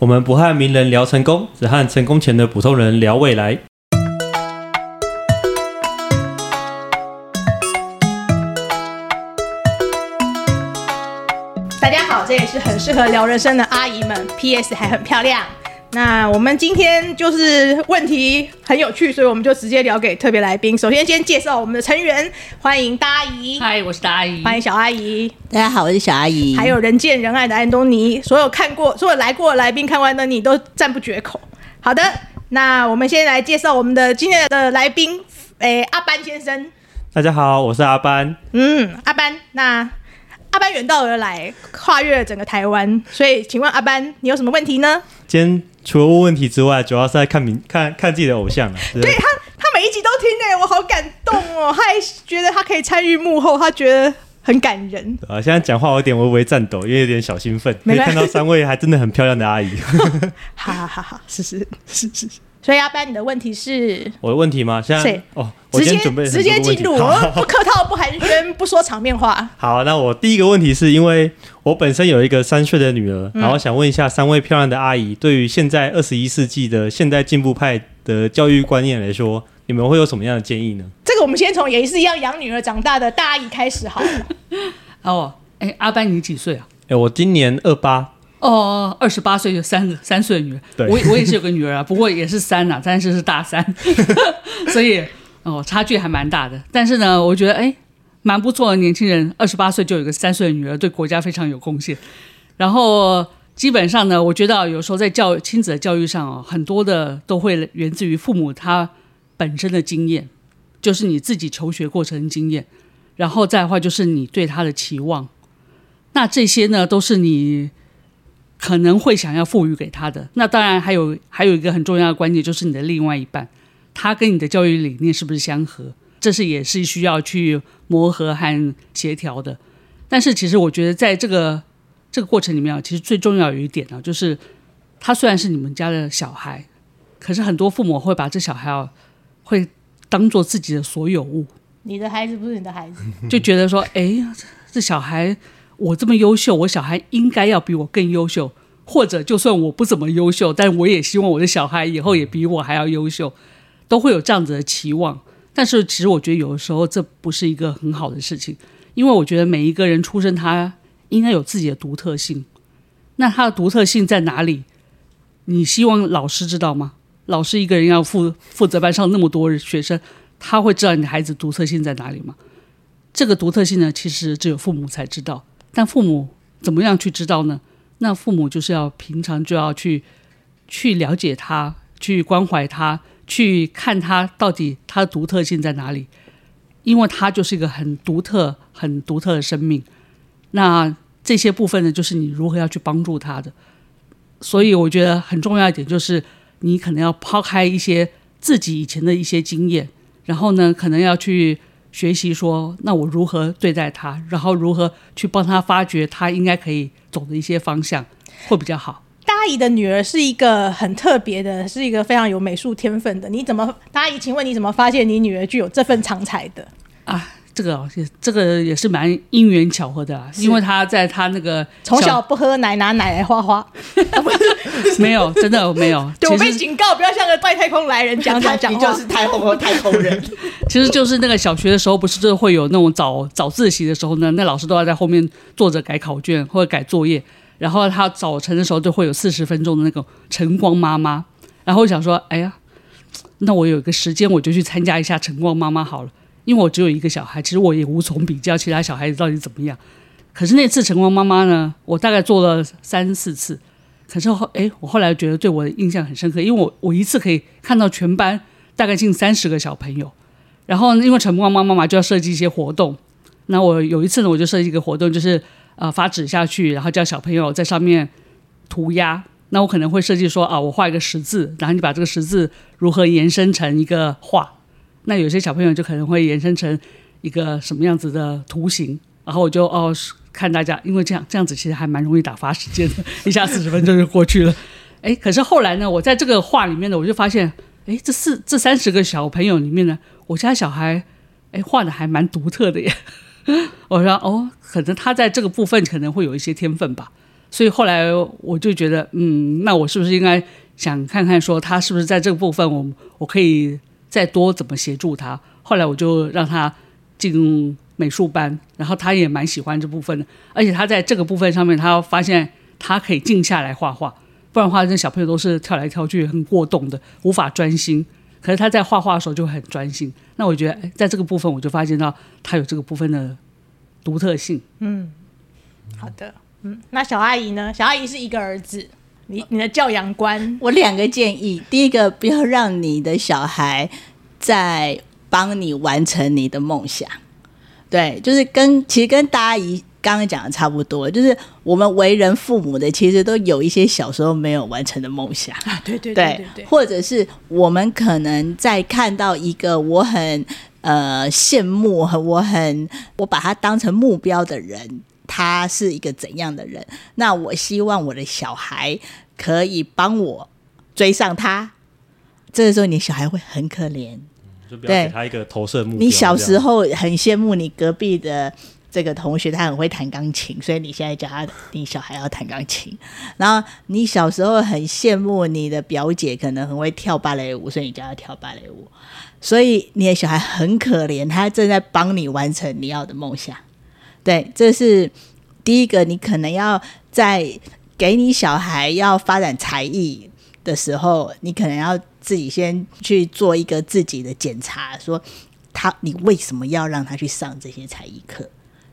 我們不和名人聊成功，只和成功前的普通人聊未來。大家好，這也是很適合聊人生的阿姨們。P.S. 還很漂亮。那我們今天就是問題很有趣，所以我們就直接聊給特別來賓。首先，先介紹我們的成員，歡迎大阿姨，嗨，我是大阿姨，歡迎小阿姨，大家好，我是小阿姨，還有人見人愛的安東尼。所有看過、所有來過的來賓看完的你都讚不絕口。好的，那我們先來介紹我們的今天的來賓，誒、欸，阿 BEN 先生，大家好，我是阿 BEN，嗯，阿 BEN，那。阿班遠道而來，跨越了整個台灣，所以請問阿班，你有什麼問題呢？今天除了問問題之外，主要是在看明看看自己的偶像了，啊。對他，他每一集都聽哎、欸，我好感動哦！他還覺得他可以參與幕後，他覺得很感人。啊，現在講話有點微微顫抖，因為有點小興奮。沒看到三位還真的很漂亮的阿姨， 哈哈哈哈！是是是是。所以阿 BEN，你的問題是？我的問題嗎？現在誰哦，我準備直接直接進入，好好不客套，不寒暄，不說場面話。好，那我第一個問題是因為我本身有一個三歲的女兒，嗯、然後想問一下三位漂亮的阿姨，對於現在二十一世紀的現代進步派的教育觀念來說，你們會有什麼樣的建議呢？這個我們先從也是一樣養女兒長大的大阿姨開始好了。 哦，誒、欸，阿 BEN，你幾歲啊？誒、欸，我今年二八。哦，二十八歲就三個三歲的女兒，對我我也是有個女兒啊，不過也是三吶、啊，但是是大三， 所以哦差距還蠻大的。但是呢，我覺得哎蠻不錯的年輕人，二十八歲就有個三歲的女兒，對國家非常有貢獻。然後基本上呢，我覺得有時候在教親子的教育上哦，很多的都會源自於父母他本身的經驗，就是你自己求學過程經驗，然後再話就是你對他的期望。那這些呢，都是你。可能會想要賦予給他的，那當然還有還有一個很重要的關鍵，就是你的另外一半，他跟你的教育理念是不是相合？這是也是需要去磨合和協調的。但是其實我覺得在這個這個過程裡面啊，其實最重要有一點呢、啊，就是他雖然是你們家的小孩，可是很多父母會把這小孩啊，會當做自己的所有物。你的孩子不是你的孩子， 就覺得說，哎、欸，這小孩我這麼優秀，我小孩應該要比我更優秀。或者就算我不怎麼優秀，但我也希望我的小孩以後也比我還要優秀，都會有這樣子的期望。但是其實我覺得有的時候這不是一個很好的事情，因為我覺得每一個人出生他應該有自己的獨特性。那他的獨特性在哪裡？你希望老師知道嗎？老師一個人要負負責班上那麼多學生，他會知道你的孩子獨特性在哪裡嗎？這個獨特性呢，其實只有父母才知道。但父母怎麼樣去知道呢？那父母就是要平常就要去去了解他，去關懷他，去看他到底他的獨特性在哪裡，因為他就是一個很獨特、很獨特的生命。那這些部分呢，就是你如何要去幫助他的。所以我覺得很重要一點就是，你可能要拋開一些自己以前的一些經驗，然後呢，可能要去。學習說，那我如何對待他，然後如何去幫他發掘他應該可以走的一些方向，會比較好。大姨的女兒是一個很特別的，是一個非常有美術天分的。你怎麼，大姨，請問你怎麼發現你女兒具有這份長才的？這個也這個也是蠻因緣巧合的啊，是因為他在他那個小從小不喝奶，拿奶來畫畫，沒有，真的沒有，我被警告不要像個外太空來人講，講，講他講，你就是太空和太空人。 其實就是那個小學的時候，不是就會有那種早早自習的時候呢，那老師都要在後面坐着改考卷或者改作業，然後他早晨的時候就會有四十分鐘的那個晨光媽媽，然後我想說，哎呀，那我有個時間，我就去參加一下晨光媽媽好了。因為我只有一個小孩，其實我也無從比較其他小孩子到底怎麼樣。可是那次晨光媽媽呢，我大概做了三四次。可是後，哎，我後來覺得對我的印象很深刻，因為我我一次可以看到全班大概近三十個小朋友。然後，因為晨光媽媽嘛，就要設計一些活動。那我有一次呢，我就設計一個活動，就是呃發紙下去，然後叫小朋友在上面塗鴉。那我可能會設計說啊，我畫一個十字，然後你把這個十字如何延伸成一個畫。那有些小朋友就可能會延伸成一個什麼樣子的圖形，然後我就哦看大家，因為這樣這樣子其實還蠻容易打發時間的，一下四十分鐘就過去了。 誒，可是後來呢，我在這個畫裡面呢，我就發現，誒，這四這三十個小朋友裡面呢，我家小孩，誒畫得還蠻獨特的耶。我說哦，可能他在這個部分可能會有一些天分吧。所以後來我就覺得，嗯，那我是不是應該想看看說他是不是在這個部分我，我我可以。再多怎麼協助他？後來我就讓他進入美術班，然後他也蠻喜歡這部分的。而且他在這個部分上面，他發現他可以靜下來畫畫，不然的話這小朋友都是跳來跳去，很過動的，無法專心。可是他在畫畫的時候就很專心。那我覺得，在這個部分，我就發現到他有這個部分的獨特性。嗯，好的。嗯，那小阿姨呢？小阿姨是一個兒子。你你的教養觀，我兩個建議，第一個不要讓你的小孩在幫你完成你的夢想，對，就是跟其實跟大阿姨剛剛講的差不多，就是我們為人父母的，其實都有一些小時候沒有完成的夢想，啊，對對對對，對，對，或者是我們可能在看到一個我很呃羨慕和我很我把它當成目標的人。他是一個怎樣的人？那我希望我的小孩可以幫我追上他。這個時候，你的小孩會很可憐，就給表對他一個投射目標。你小時候很羨慕你隔壁的這個同學，他很會彈鋼琴，所以你現在叫他。你小孩要彈鋼琴。然後你小時候很羨慕你的表姐，可能很會跳芭蕾舞，所以你叫他跳芭蕾舞。所以你的小孩很可憐，他正在幫你完成你要的夢想。對，這是第一個。你可能要在給你小孩要發展才藝的時候，你可能要自己先去做一個自己的檢查，說他你為什麼要讓他去上這些才藝課？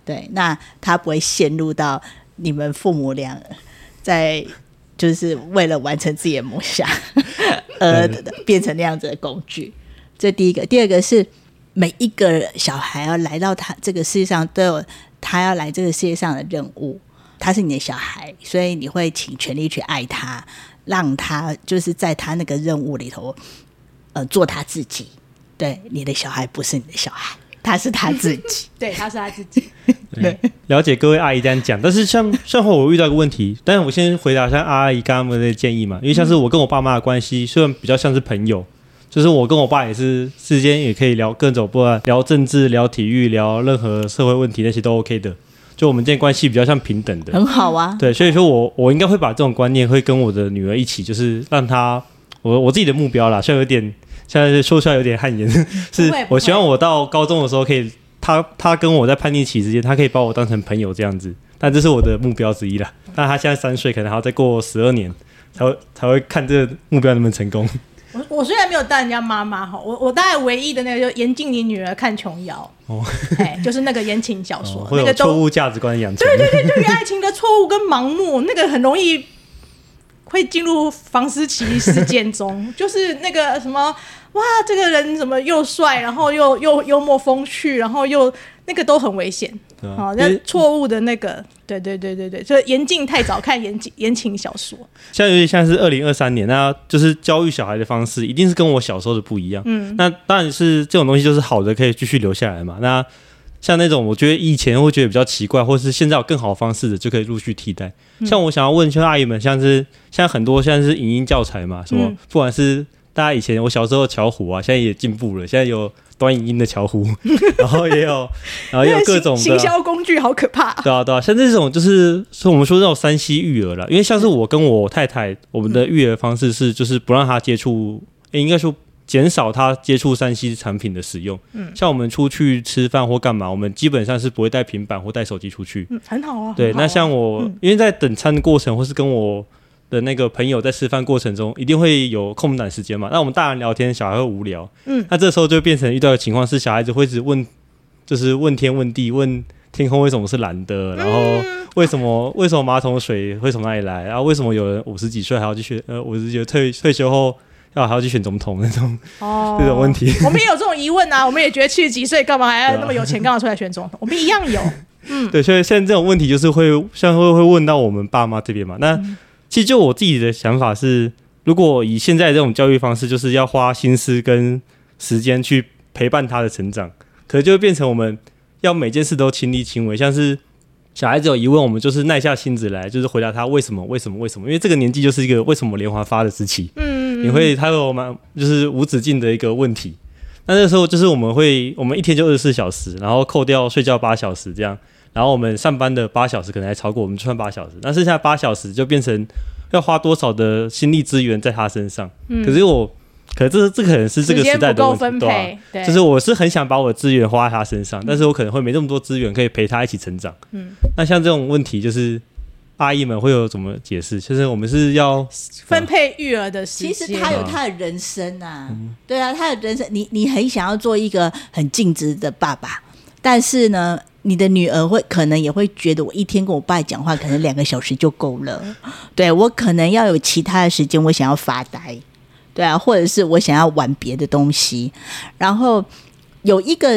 對，那他不會陷入到你們父母倆在就是為了完成自己的夢想 而變成那樣子的工具。這第一個，第二個是每一個小孩要來到他這個世界上都有，他要來這個世界上的任務，他是你的小孩，所以你會盡全力去愛他，讓他就是在他那個任務裡頭，呃，做他自己。對，你的小孩不是你的小孩，他是他自己， 對，他是他自己。對，了解各位阿姨這樣講，但是像稍後我遇到一個問題，但是我先回答像阿，阿姨剛剛那些建議嘛，因為像是我跟我爸媽的關係，雖然比較像是朋友。就是我跟我爸也是之間也可以聊各種不安，聊政治，聊體育，聊任何社會問題那些都 OK 的。就我們之間關係比較像平等的，很好啊。對，所以說我我應該會把這種觀念會跟我的女兒一起，就是讓她我我自己的目標啦，雖然有點現在說出來有點汗顏，不會不會是我希望我到高中的時候可以，她她跟我在叛逆期之間，她可以把我當成朋友這樣子。但這是我的目標之一啦。但她現在三歲，可能還要再過十二年才會才會看這個目標能不能成功。我我雖然沒有帶人家媽媽哈，我我大概唯一的那個就嚴、是、禁你女兒看《瓊瑤》，哎、哦欸，就是那個言情小說，哦、那個錯誤價值觀養成，對對對，對於愛情的錯誤跟盲目， 那個很容易會進入房思琪事件中， 就是那個什麼，哇，這個人怎麼又帥，然後又又幽默風趣，然後又。那個都很危險，好嗎，那錯誤的那個，嗯、對對對對對，所以嚴禁太早 看言情言情小說。像尤其現在是二零二三年啊，那就是教育小孩的方式一定是跟我小時候的不一樣。嗯，那當然是這種東西就是好的，可以繼續留下來嘛。那像那種我覺得以前會覺得比較奇怪，或是現在有更好的方式的，就可以陸續替代。像我想要問一下阿姨們，像是像很多像是影音教材嘛，什、嗯、不管是大家以前我小時候巧虎啊，現在也進步了，現在有。端影音，音的巧虎，然後也有，然後也有各種 行，行銷工具，好可怕！啊。對啊，對啊，像這種就是說我們說這種三西育兒了，因為像是我跟我太太，我們的育兒方式是就是不讓他接觸，應該說減少他接觸三 c 產品的使用。嗯，像我們出去吃飯或幹嘛，我們基本上是不會帶平板或帶手機出去。嗯，很好啊。對，啊、那像我、嗯、因為在等餐的過程或是跟我。的那個朋友在示範過程中一定會有空檔時間嘛？那我們大人聊天，小孩會無聊。嗯，那、啊、這時候就變成遇到的情況是，小孩子會一直問，就是問天問地，問天空為什麼是藍的，然後為什麼、嗯、為什麼馬桶水會從哪裡來，然後為什麼有人五十幾歲還要去選呃五十幾歲退退休後要還要去選總統那種哦這種問題，我們也有這種疑問啊，我們也覺得七十幾歲幹嘛還要那麼有錢，幹嘛出來選總統？啊、我們一樣有，嗯，對，所以現在這種問題就是會，像會會問到我們爸媽這邊嘛，那。嗯其實就我自己的想法是，如果以現在這種教育方式，就是要花心思跟時間去陪伴他的成長，可能就會變成我們要每件事都親力親為，像是小孩子有疑問，我們就是耐下性子來，就是回答他為什麼為什麼為什麼，因為這個年紀就是一個為什麼連環發的時期，嗯嗯，你會他會有滿就是無止境的一個問題，那那時候就是我們會我們一天就二十四小時，然後扣掉睡覺八小時這樣。然後我們上班的八小時可能還超過我們穿八小時，那剩下八小時就變成要花多少的心力資源在他身上。嗯，可是我，可能這這可能是這個時代的問題，對啊、對，就是我是很想把我的資源花在他身上，嗯、但是我可能會沒那麼多資源可以陪他一起成長。嗯，那像這種問題，就是阿姨們會有怎麼解釋？就是我們是要分配育兒的時間，其實他有他的人生啊，嗯、對啊，他的人生，你你很想要做一個很盡職的爸爸。但是呢，你的女兒會可能也會覺得，我一天跟我爸講話，可能兩個小時就夠了。對，我可能要有其他的時間，我想要發呆，對啊，或者是我想要玩別的東西。然後有一個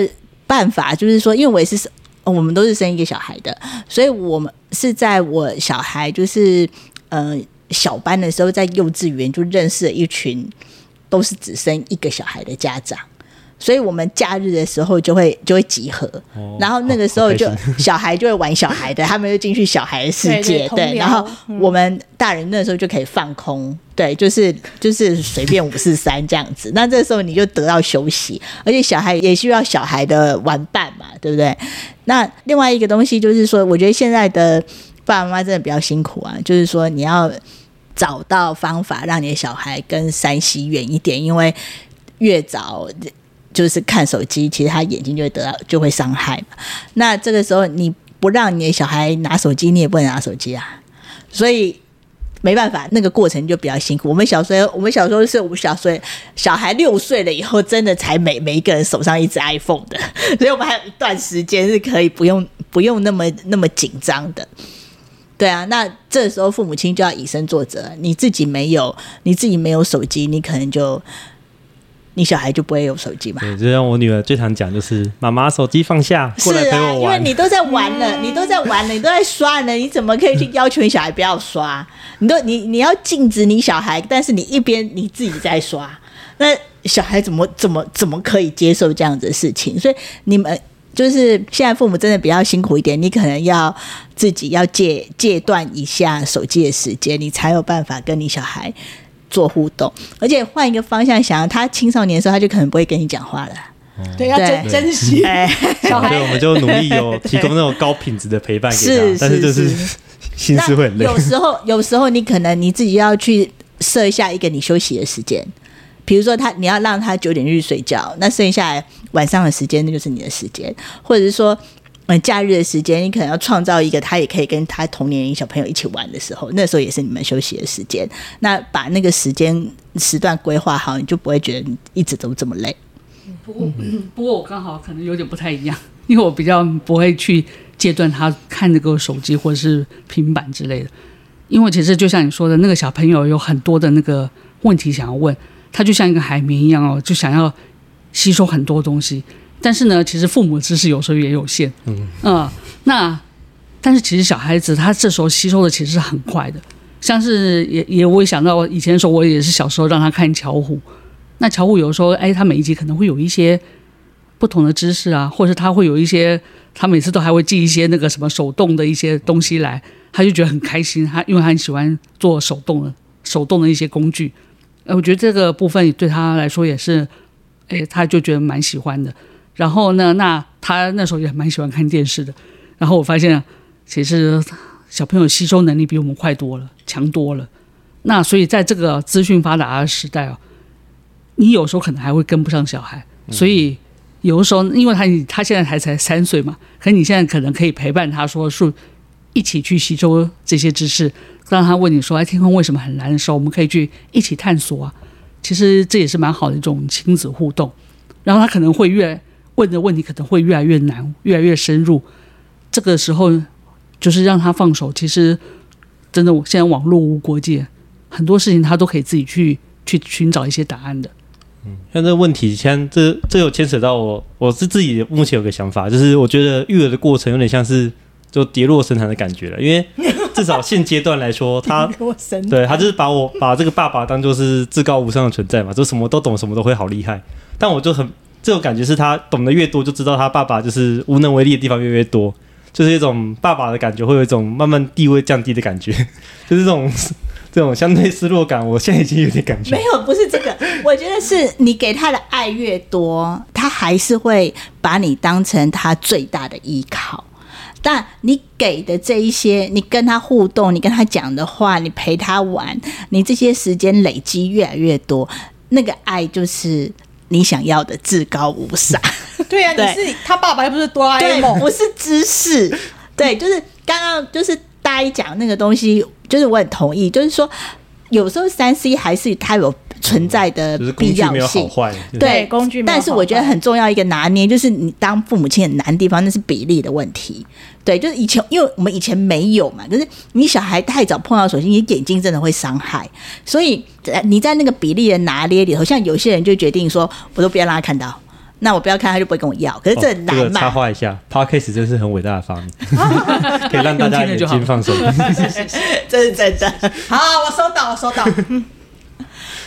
辦法，就是說，因為我也是、哦，我們都是生一個小孩的，所以我們是在我小孩就是呃小班的時候，在幼稚園就認識了一群都是只生一個小孩的家長。所以我們假日的時候就會就會集合，oh, 然後那個時候就、oh, okay, 小孩就會玩小孩的， 他們就進去小孩的世界，對。然後我們大人那時候就可以放空，對，就是就是隨便五四三這樣子。 那這時候你就得到休息，而且小孩也需要小孩的玩伴嘛，對不對？那另外一個東西就是說，我覺得現在的爸爸媽媽真的比較辛苦啊，就是說你要找到方法讓你的小孩跟 3C 遠一點，因為越早。就是看手機，其實他眼睛就會得到就會傷害。那這個時候你不讓你的小孩拿手機，你也不能拿手機啊。所以沒辦法，那個過程就比較辛苦。我們小時候，我們小時候是我們小時候小孩六歲了以後，真的才每每一個人手上一隻 iPhone 的，所以我們還有一段時間是可以不用不用那麼那麼緊張的。對啊，那這個時候父母親就要以身作則，你自己沒有，你自己沒有手機，你可能就。你小孩就不會有手機嗎？對，就像我女兒最常講，就是媽媽手機放下，過來陪我玩。是啊，因為你都在玩了，你都在玩了，你都在刷了，你怎麼可以去要求你小孩不要刷？你都你你要禁止你小孩，但是你一邊你自己在刷，那小孩怎麼怎麼怎麼怎麼可以接受這樣子的事情？所以你們就是現在父母真的比較辛苦一點，你可能要自己要戒戒斷一下手機的時間，你才有辦法跟你小孩。做互動，而且換一個方向想，他青少年的時候，他就可能不會跟你講話了。嗯、對，要珍珍惜對。小孩、欸喔喔，我們就努力有提供那種高品質的陪伴給他，是是是，但是就是心思會很累。有時候，有時候你可能你自己要去設一下一個你休息的時間，比如說他你要讓他九點去睡覺，那剩下來晚上的時間那就是你的時間，或者是說。嗯，假日的時間，你可能要創造一個他也可以跟他同年齡小朋友一起玩的時候，那時候也是你們休息的時間。那把那個時間時段規劃好，你就不會覺得你一直都這麼累。不過，不過我剛好可能有點不太一樣，因為我比較不會去戒斷他看那個手機或者是平板之類的，因為其實就像你說的，那個小朋友有很多的那個問題想要問他，就像一個海綿一樣哦，就想要吸收很多東西。但是呢，其實父母知識有時候也有限，嗯，那但是其實小孩子他這時候吸收的其實是很快的，像是也也我也想到以前說我也是小時候讓他看巧虎，那巧虎有時候哎，他每一集可能會有一些不同的知識啊，或者是他會有一些他每次都還會寄一些那個什麼手動的一些東西來，他就覺得很開心，他因為他很喜歡做手動的、手動的一些工具，呃，我覺得這個部分對他來說也是，哎，他就覺得蠻喜歡的。然後呢，那他那時候也蠻喜歡看電視的。然後我發現，其實小朋友吸收能力比我們快多了，強多了。那所以在這個資訊發達的時代哦、啊，你有時候可能還會跟不上小孩。所以有的時候，因為他他現在還才三歲嘛，可是你現在可能可以陪伴他說，說是一起去吸收這些知識。當他問你說：“哎，天空為什麼很藍？”的時候，我們可以去一起探索啊。其實這也是蠻好的一種親子互動。然後他可能會越問的問題可能會越來越難，越來越深入。這個時候，就是讓他放手。其實，真的，我現在網絡無國界，很多事情他都可以自己去去尋找一些答案的。嗯，像這個問題，像這這又牽扯到我，我是自己目前有個想法，就是我覺得育兒的過程有點像是就跌落神壇的感覺了。因為至少現階段來說， 他跌落神壇，對，他就是把我把這個爸爸當做是至高無上的存在嘛，就什麼都懂，什麼都會，好厲害。但我就很。這種感覺是他懂得越多，就知道他爸爸就是無能為力的地方越來越多，就是一種爸爸的感覺，會有一種慢慢地位降低的感覺， 就是這種這種相對失落感。我現在已經有點感覺，沒有，不是這個， 我覺得是你給他的愛越多，他還是會把你當成他最大的依靠。但你給的這一些，你跟他互動，你跟他講的話，你陪他玩，你這些時間累積越來越多，那個愛就是。你想要的至高無上， 對呀、啊，對你是他爸爸，又不是哆啦 A 夢，我是知識， 對，就是剛剛就是大家講那個東西，就是我很同意，就是說有時候三 C 還是他有。存在的必要性，對、嗯就是，工具沒有好壞，但是我覺得很重要一個拿捏，就是你當父母親很難的地方，那是比例的問題。對，就是以前因為我們以前沒有嘛，就是你小孩太早碰到手機，你眼睛真的會傷害。所以你在那個比例的拿捏裡頭，像有些人就決定說，我都不要讓他看到，那我不要看他就不會跟我要。可是這難，哦這個，插話一下 Podcast 真，啊，是很偉大的發明，啊、 可以讓大家眼睛放心放手。這是真的。好，我收到，我收到。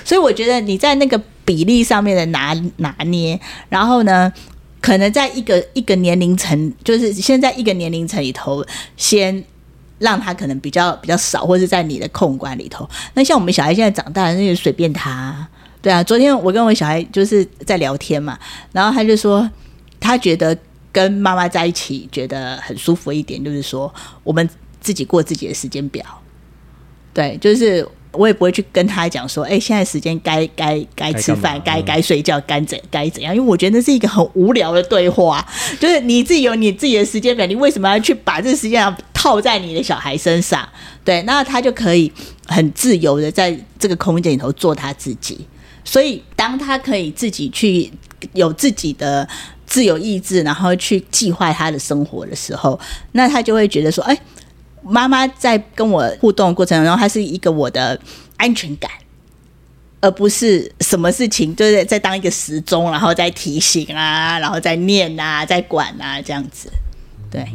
所以我覺得你在那個比例上面的拿拿捏，然後呢，可能在一個一個年齡層，就是先在一個年齡層裡頭，先讓他可能比較比較少，或者是在你的控管裡頭。那像我們小孩現在長大了，那就隨便他。對啊，昨天我跟我小孩就是在聊天嘛，然後他就說，他覺得跟媽媽在一起覺得很舒服一點，就是說我們自己過自己的時間表。對，就是。我也不會去跟他講說，哎、欸，現在時間該該該吃飯，該該、嗯、睡覺，該怎該怎樣？因為我覺得這是一個很無聊的對話，就是你自己有你自己的時間表，你為什麼要去把這個時間套在你的小孩身上？對，那他就可以很自由的在這個空間裡頭做他自己。所以，當他可以自己去有自己的自由意志，然後去計劃他的生活的時候，那他就會覺得說，哎、欸。媽媽在跟我互動的過程中，中她是一個我的安全感，而不是什麼事情，就對、是，在當一個時鐘，然後在提醒啊，然後在念啊，在管啊，這樣子，對。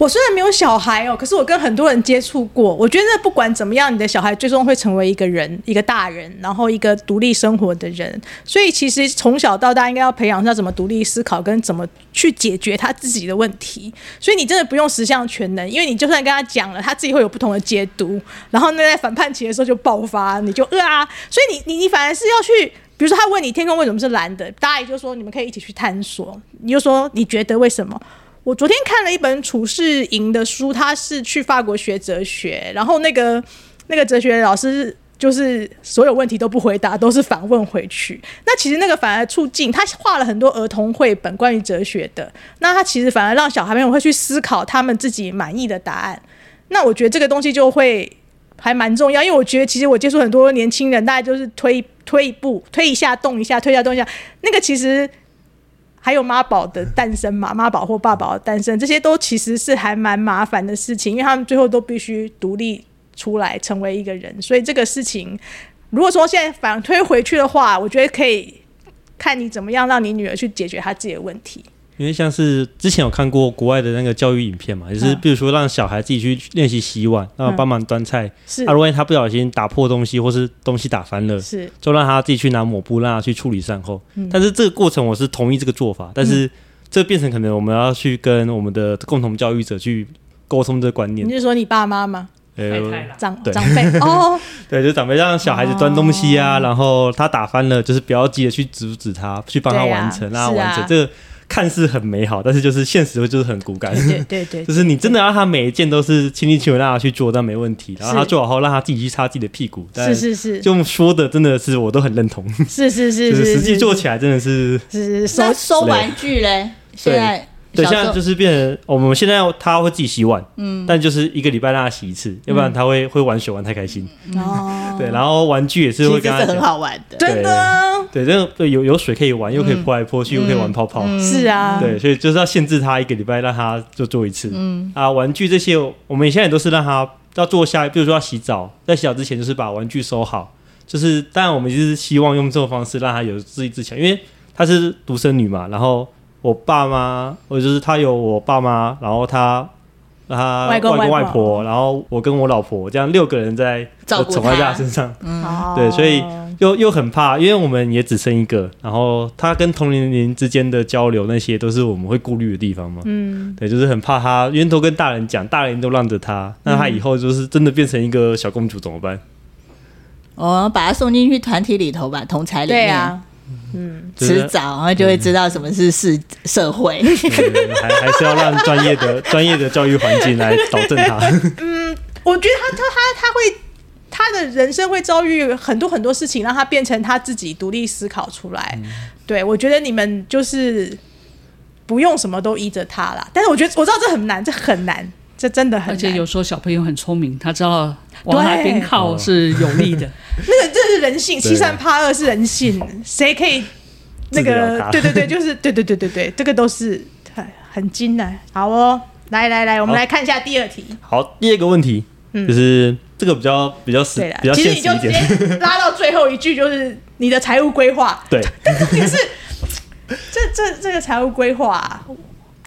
我雖然沒有小孩哦、喔，可是我跟很多人接觸過，我覺得不管怎麼樣，你的小孩最終會成為一個人，一個大人，然後一個獨立生活的人。所以其實從小到大應該要培養他怎麼獨立思考，跟怎麼去解決他自己的問題。所以你真的不用十項全能，因為你就算你跟他講了，他自己會有不同的解讀，然後那在反叛期的時候就爆發，你就、呃、啊，所以你你你反而是要去，比如說他問你天空為什麼是藍的，大家也就說你們可以一起去探索，你就說你覺得為什麼。我昨天看了一本褚士瑩的書，他是去法國學哲學，然後那個那個哲學老師就是所有問題都不回答，都是反問回去。那其實那個反而促進他畫了很多兒童繪本關於哲學的。那他其實反而讓小孩們會去思考他們自己滿意的答案。那我覺得這個東西就會還蠻重要，因為我覺得其實我接觸很多年輕人，大家就是推推一步，推一下動一下，推一下動一下，那個其實。還有媽寶的誕生嘛，媽寶或爸寶的誕生，這些都其實是還蠻麻煩的事情，因為他們最後都必須獨立出來成為一個人，所以這個事情，如果說現在反推回去的話，我覺得可以看你怎麼樣讓你女兒去解決她自己的問題。因為像是之前有看過國外的那個教育影片嘛，也是比如說讓小孩自己去練習洗碗，然後幫忙端菜。是啊，如果他不小心打破東西，或是東西打翻了，是就讓他自己去拿抹布，讓他去處理善後。但是這個過程我是同意這個做法，但是這變成可能我們要去跟我們的共同教育者去溝通這個觀念。你是說你爸媽嗎？呃，長長輩哦，對，就長輩讓小孩子端東西啊，然後他打翻了，就是不要急着去阻止他，去幫他完成，讓他完成這個。看似很美好，但是就是現實，就是很骨感。對對對，就是你真的讓他每一件都是親力親為，讓他去做，但沒問題。然後他做好後，讓他自己去擦自己的屁股。但是是是，就說的真的是我都很認同。是是是是，實際做起來真的是是是收收玩具嘞，現在。對，現在就是變成我們現在，他會自己洗碗，嗯，但就是一個禮拜讓他洗一次，要不然他會會玩水玩太開心。對，然後玩具也是會跟他很好玩的，對，這對有有水可以玩，又可以潑來潑去，又可以玩泡泡，是啊，對，所以就是要限制他一個禮拜讓他就做一次，嗯啊，玩具這些我們現在也都是讓他要坐下，比如說要洗澡，在洗澡之前就是把玩具收好，就是當然我們就是希望用這種方式讓他有自立自強，因為她是獨生女嘛，然後。我爸媽，我就是他有我爸媽，然後他他外公外婆，外外婆然後我跟我老婆，我我老婆這樣六個人在，寵愛在他身上，嗯，對，所以又又很怕，因為我們也只生一個，然後他跟同齡人之間的交流那些都是我們會顧慮的地方嘛，嗯，對，就是很怕他，源頭跟大人講，大人都讓着他，那他以後就是真的變成一個小公主怎麼辦？我們、嗯哦、把他送進去團體裡頭吧，同儕裡面。嗯，遲早然後、嗯、就會知道什麼是社社會，嗯嗯、還還是要讓專業的專 業的教育環境來導正他。嗯，我覺得他他他他會他的人生會遭遇很多很多事情，讓他變成他自己獨立思考出來。嗯、對，我覺得你們就是不用什麼都依着他啦，但是我覺得我知道這很難，這很難。這真的很，而且有時候小朋友很聰明，他知道往那邊靠是有利的。那個這是人性，欺善怕惡是人性，誰可以？那個對對對，就是對對對對對，這個都是很很精的。好哦，來來來，我們來看一下第二題。好，第二個問題，嗯，就是這個比較比較死，比較現實一點。其實你就直接拉到最後一句，就是你的財務規劃。對，但是你是這這這個財務規劃。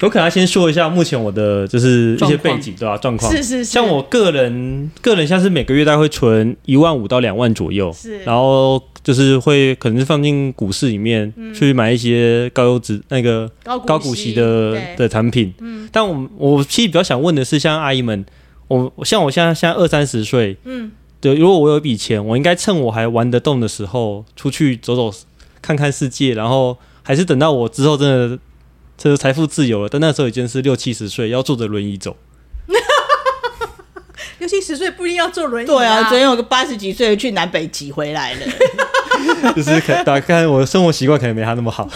有可能要先說一下目前我的就是一些背景對吧、啊？狀況是是是。像我個人個人像是每個月大概會存一萬五到兩萬左右，是。然後就是會可能是放進股市裡面、嗯、去買一些高優質那個高股息的的產品。嗯。但我我其實比較想問的是，像阿姨們，我像我現在現在二三十歲，嗯，對，如果我有一筆錢，我應該趁我還玩得動的時候出去走走，看看世界，然後還是等到我之後真的。這是財富自由了，但那時候已經是六七十歲，要坐着輪椅走。 六七十歲不一定要坐輪椅，啊，對啊，昨天有個八十幾歲去南北極回來了。 就是可大概我的生活習慣可能沒他那麼好。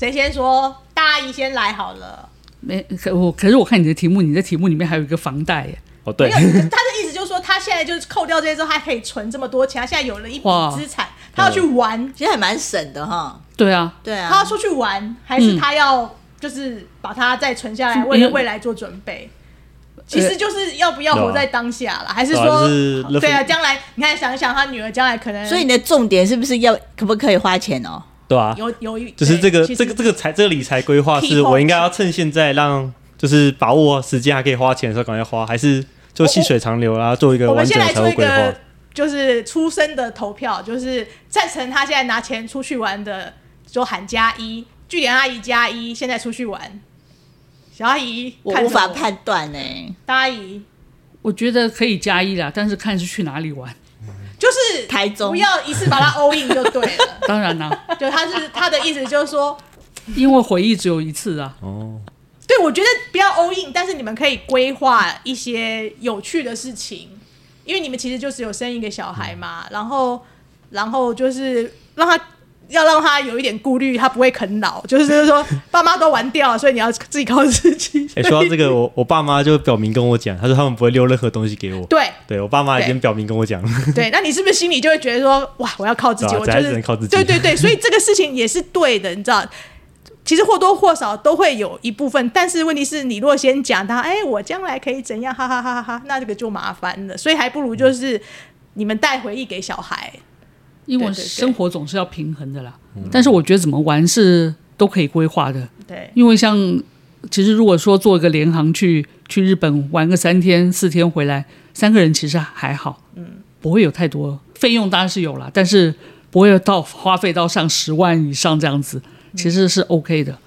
誰 先說？大阿姨先來好了。沒，可我可是我看你的題目，你的題目裡面還有一個房貸。哦，對。他的意思就是說，他現在就是扣掉這些之後，還可以存這麼多錢，他現在有了一筆資產。他要去玩，其實還蠻省的哈。對啊，對啊。他要出去玩，還是他要就是把他再存下來，為了未來做準備？其實就是要不要活在當下了，還是說對啊？將來你看，想一想，他女兒將來可能……所以你的重點是不是要可不可以花錢哦？對啊，有有，就是這個這個這個財這個理財規劃是，我應該要趁現在讓就是把握時間還可以花錢的時候趕快花，還是就細水長流啊，做一個完整的財務規劃。就是出生的投票，就是贊成他現在拿錢出去玩的，就喊加一。句點阿姨，加一，1, 現在出去玩。小阿姨，我無法判斷呢、欸。大阿姨，我覺得可以加一啦，但是看是去哪裡玩。就是台中，不要一次把它 all in 就對了。 當然啦、啊，就他是他的意思，就是說， 因為回憶只有一次啊。哦， 對，我覺得不要 all in，但是你們可以規劃一些有趣的事情。因為你們其實就是有生一個小孩嘛，嗯、然後，然後就是讓他要讓他有一點顧慮，他不會啃老，就是就是說爸媽都玩掉了，所以你要自己靠自己。欸、對，說到這個， 我我爸媽就表明跟我講，他說他們不會留任何東西給我。對，對我爸媽已經表明跟我講了。對， 對，那你是不是心裡就會覺得說，哇，我要靠自己，啊、我就是、只只能靠自己。對對對，所以這個事情也是對的，你知道。其實或多或少都會有一部分，但是問題是，你若先講他，哎，我將來可以怎樣，哈哈哈哈哈，那這個就麻煩了。所以還不如就是你們帶回憶給小孩。因為生活總是要平衡的啦，但是我覺得怎麼玩是都可以規劃的。對、嗯，因為像其實如果說做一個廉航去去日本玩個三天四天回來，三個人其實還好，嗯，不會有太多費用，當然是有了，但是不會到花費到上十萬以上這樣子。其實是 OK 的，嗯、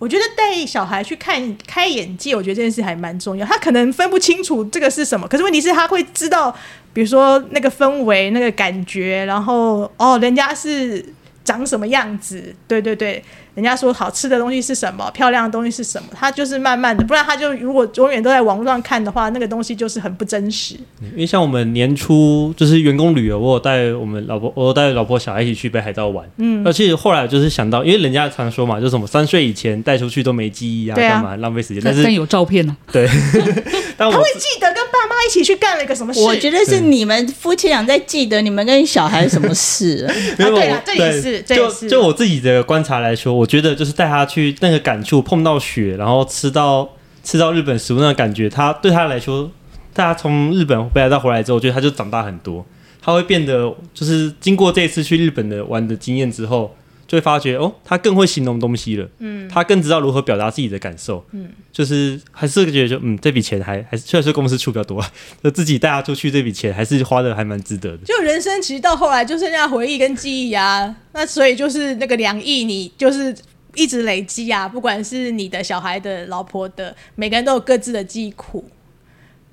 我覺得帶小孩去看開眼界，我覺得這件事還蠻重要。他可能分不清楚這個是什麼，可是問題是他會知道，比如說那個氛圍、那個感覺，然後哦，人家是長什麼樣子，對對對。人家說好吃的東西是什麼，漂亮的東西是什麼，他就是慢慢的，不然他就如果永遠都在網絡上看的話，那個東西就是很不真實。因為像我們年初就是員工旅遊，我帶我們老婆，我帶老婆小孩一起去北海道玩。嗯，那其實後來就是想到，因為人家常說嘛，就什麼三歲以前帶出去都沒記憶啊，幹、啊、嘛浪費時間？但是但有照片呢、啊。對， 我他會記得跟爸媽一起去幹了一個什麼事？我覺得是你們夫妻倆在記得你們跟小孩什麼事。對 啊，對對這也是，就這也是。就就我自己的觀察來說，我。我覺得就是帶他去那個感觸，碰到雪，然後吃到吃到日本食物那個感覺，他對他來說，他從日本回來，到回來之後，我覺得他就長大很多，他會變得就是經過這次去日本的玩的經驗之後。會發覺哦，他更會形容東西了，嗯，他更知道如何表達自己的感受，嗯，就是還是覺得就嗯，這筆錢還還是確實公司出比較多，啊，就自己帶他出去這筆錢還是花的還蠻值得的。就人生其實到後來就剩下回憶跟記憶啊，那所以就是那個兩億，你就是一直累積啊，不管是你的小孩的、老婆的，每個人都有各自的疾苦。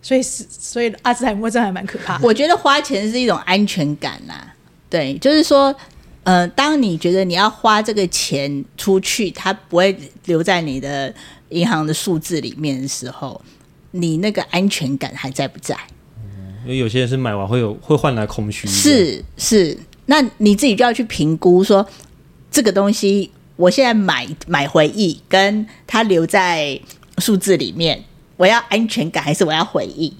所以是所以阿茲海默症還蠻可怕的。 我覺得花錢是一種安全感啦，啊，對，就是說。嗯、呃，當你覺得你要花這個錢出去，它不會留在你的銀行的數字裡面的時候，你那個安全感還在不在？因為有些人是買完會有會換來空虛。是是，那你自己就要去評估說，這個東西我現在買買回憶，跟它留在數字裡面，我要安全感還是我要回憶？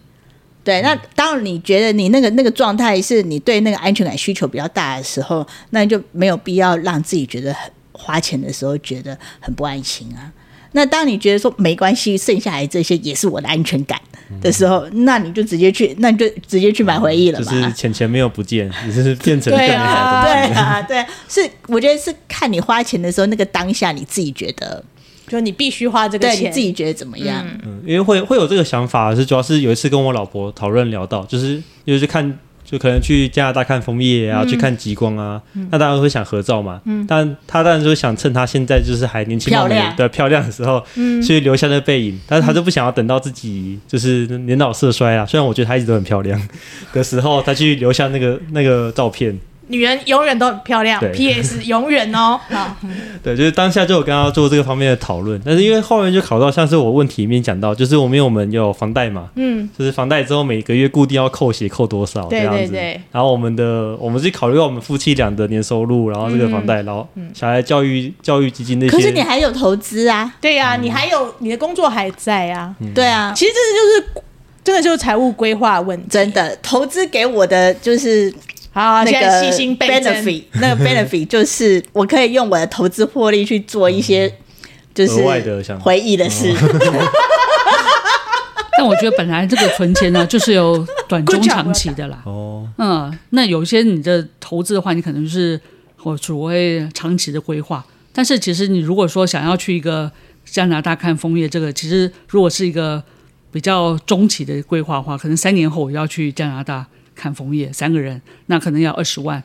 對，那當你覺得你那個那個狀態是你對那個安全感需求比較大的時候，那就沒有必要讓自己覺得很花錢的時候覺得很不安心啊。那當你覺得說沒關係，剩下來這些也是我的安全感的時候，嗯。那你就直接去，那你就直接去買回憶了吧。嗯，就是錢錢沒有不見，只是變成更美好的嘛。對對啊對啊，對啊，對啊，是我覺得是看你花錢的時候那個當下你自己覺得。就你必須花這個錢。對，你自己覺得怎麼樣？嗯，嗯，因為會會有這個想法是，是主要是有一次跟我老婆討論聊到，就是尤其是看，就可能去加拿大看楓葉啊，嗯、去看極光啊，嗯、那當然會想合照嘛。嗯，但他當然就想趁他現在就是還年輕貌美的漂亮，對，漂亮的時候，嗯、去留下那個背影。但是他就不想要等到自己就是年老色衰啊。嗯、雖然我覺得他一直都很漂亮的時候，他去留下那個那個照片。女人永遠都很漂亮。對 P.S. 永遠哦。 好對，就是當下就有跟他做這個方面的討論，但是因為後面就考到像是我問題裡面講到，就是我們因為我們有房貸嘛，嗯，就是房貸之後每個月固定要扣錢扣多少這樣子。對對對，然後我們的我們是考慮到我們夫妻倆的年收入，然後這個房貸，嗯、然後小孩教育教育基金那些。可是你還有投資啊？對啊，嗯、你還有你的工作還在啊？嗯、對啊，其實這就是真的就是財務規劃問，真的投資給我的就是。好、啊，現在細心那個 benefit 那個 benefit 就是我可以用我的投資獲利去做一些就是額外的回憶的事。嗯、的但我覺得，本來這個存錢呢，就是有短中長期的啦。哦， 嗯，那有些你的投資的話，你可能就是我所謂長期的規劃。但是其實你如果說想要去一個加拿大看楓葉，這個其實如果是一個比較中期的規劃的話，可能三年後我要去加拿大。看楓葉，三個人那可能要二十萬。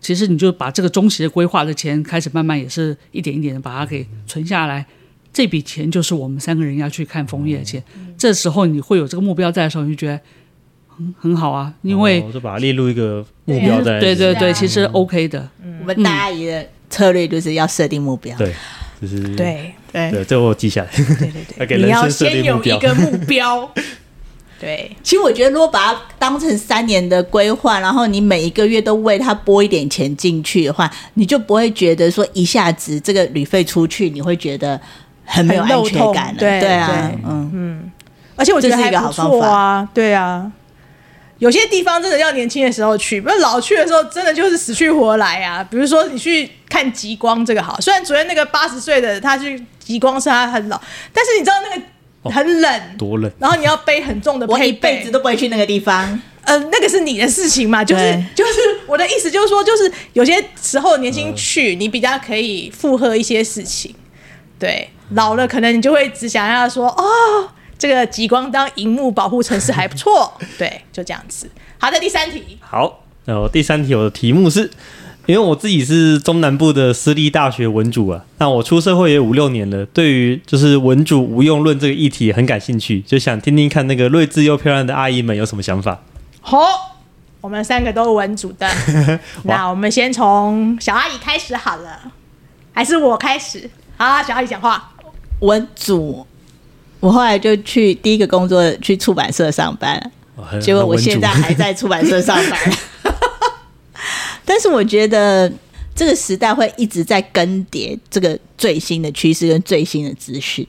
其實你就把這個中期的規劃的錢，開始慢慢也是一點一點的把它給存下來。嗯、這筆錢就是我們三個人要去看楓葉的錢。嗯、這時候你會有這個目標在的時候，你就覺得、嗯、很好啊。因為我、哦哦、就把它列入一個目標在。對，啊、對對對，其實是 OK 的。嗯、我們大阿姨的策略就是要設定目標。嗯、對，就是對對。這我記下來。對對對，對 要你要先有一個目標。 對，其實我覺得如果把它當成三年的規劃，然後你每一個月都為它撥一點錢進去的話，你就不會覺得說一下子這個旅費出去，你會覺得很沒有安全感了。對，對啊，嗯嗯，而且我覺得還、啊、這是一個好方法啊。對啊，有些地方真的要年輕的時候去，不要老去的時候真的就是死去活來啊。比如說你去看極光，這個好，雖然昨天那個八十歲的他去極光，是他很老，但是你知道那個。哦、很冷，多冷，然後你要背很重的背，我一輩子都不會去那個地方。嗯、呃，那個是你的事情嘛，就是對就是我的意思就是說，就是有些時候年輕去，嗯、你比較可以負荷一些事情。對，老了可能你就會只想要說，哦，這個極光當熒幕保護程式還不錯。 對，就這樣子。好的，第三題。好，那我第三題我的題目是。因為我自己是中南部的私立大學文組啊，那我出社會也五六年了，對於就是文組無用論這個議題很感興趣，就想聽聽看那個睿智又漂亮的阿姨們有什麼想法。好、哦，我們三個都是文組的， 哇那我們先從小阿姨開始好了，還是我開始？好，小阿姨講話。文組，我後來就去第一個工作去出版社上班，結果我現在還在出版社上班。 但是我覺得這個時代會一直在更迭，這個最新的趨勢跟最新的資訊。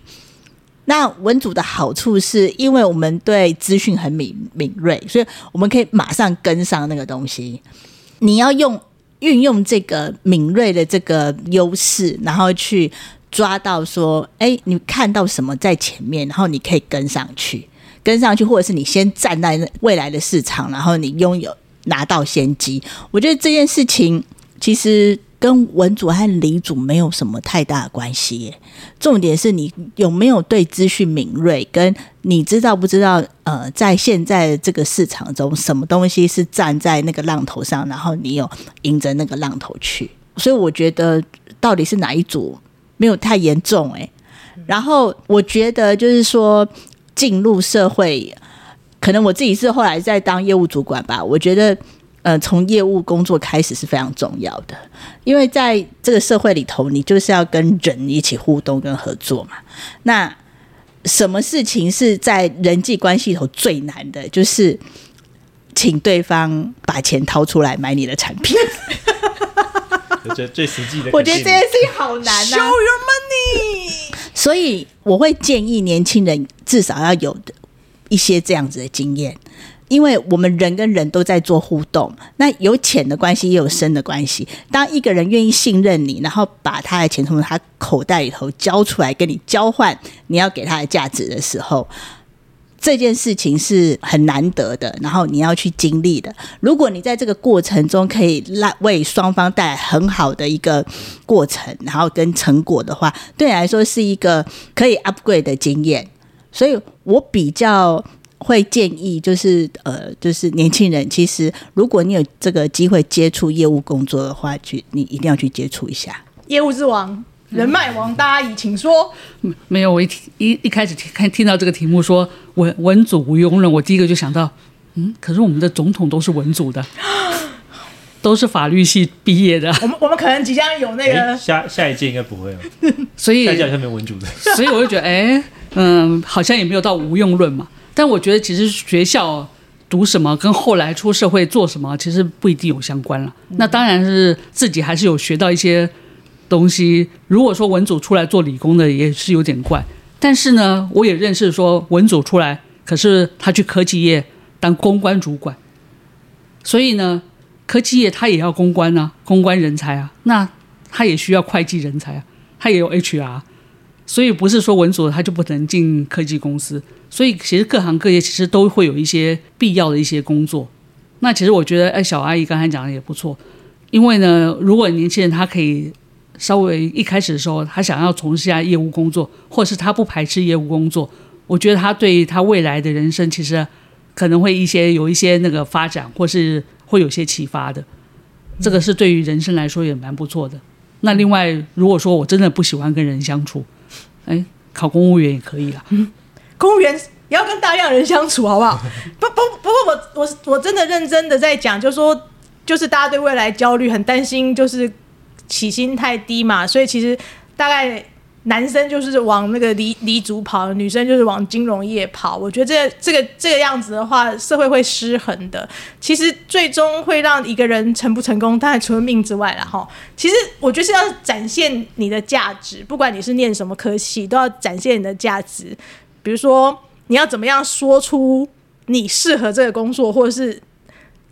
那文組的好處是因為我們對資訊很敏敏銳，所以我們可以馬上跟上那個東西。你要用運用這個敏銳的這個優勢，然後去抓到說，哎，你看到什麼在前面，然後你可以跟上去，跟上去，或者是你先站在未來的市場，然後你擁有。拿到先機，我覺得這件事情其實跟文組和理組沒有什麼太大的關係，欸。重點是你有沒有對資訊敏銳，跟你知道不知道呃，在現在這個市場中，什麼東西是站在那個浪頭上，然後你有迎着那個浪頭去。所以我覺得到底是哪一組沒有太嚴重誒，欸，然後我覺得就是說進入社會。可能我自己是後來在當業務主管吧，我覺得，呃，從業務工作開始是非常重要的，因為在這個社會裡頭，你就是要跟人一起互動跟合作嘛。那什麼事情是在人際關係裡頭最難的？就是請對方把錢掏出來買你的產品。我覺得最實際的，我覺得這件事情好難啊，Show your money。 所以我會建議年輕人至少要有的，一些這樣子的經驗，因為我們人跟人都在做互動，那有淺的關係也有深的關係。當一個人願意信任你，然後把他的錢從他口袋裡頭交出來跟你交換，你要給他的價值的時候，這件事情是很難得的。然後你要去經歷的。如果你在這個過程中可以讓為雙方帶來很好的一個過程，然後跟成果的話，對你來說是一個可以 upgrade 的經驗。所以我比較會建議，就是呃，就是年輕人，其實如果你有這個機會接觸業務工作的話，去你一定要去接觸一下業務之王、人脈王，大阿姨，請說。嗯、沒有，我一一一開始聽聽到這個題目說文文組無用論，我第一個就想到，嗯，可是我們的總統都是文組的。 都是法律系畢業的、啊，我們我們可能即將有那個下下一屆，應該不會了， 所以下一屆好像沒文組的， 所以我就覺得，哎，嗯，好像也沒有到無用論嘛。但我覺得其實學校讀什麼跟後來出社會做什麼其實不一定有相關了。嗯、那當然是自己還是有學到一些東西。如果說文組出來做理工的也是有點怪，但是呢，我也認識說文組出來，可是他去科技業當公關主管，所以呢。科技業它也要公關啊，公關人才啊，那他也需要會計人才啊，他也有 H R，所以不是說文佐他就不能進科技公司。所以其實各行各業其實都會有一些必要的一些工作。那其實我覺得，哎，小阿姨剛才講的也不錯，因為呢，如果年輕人他可以稍微一開始的時候，他想要從事下業務工作，或者是他不排斥業務工作，我覺得他對他未來的人生其實可能會一些有一些那個發展，或是。會有些啟發的，這個是對於人生來說也蠻不錯的。那另外，如果說我真的不喜歡跟人相處，哎，考公務員也可以啦，嗯。公務員也要跟大量人相處，好不好？不不，不過我我我真的認真的在講，就是說，就是大家對未來焦慮，很擔心，就是起薪太低嘛，所以其實大概。男生就是往那個理理組跑，女生就是往金融業跑。我覺得這個、這個這個樣子的話，社會會失衡的。其實最終會讓一個人成不成功，當然除了命之外啦齁。其實我覺得是要展現你的價值，不管你是念什麼科系，都要展現你的價值。比如說，你要怎麼樣說出你適合這個工作，或者是。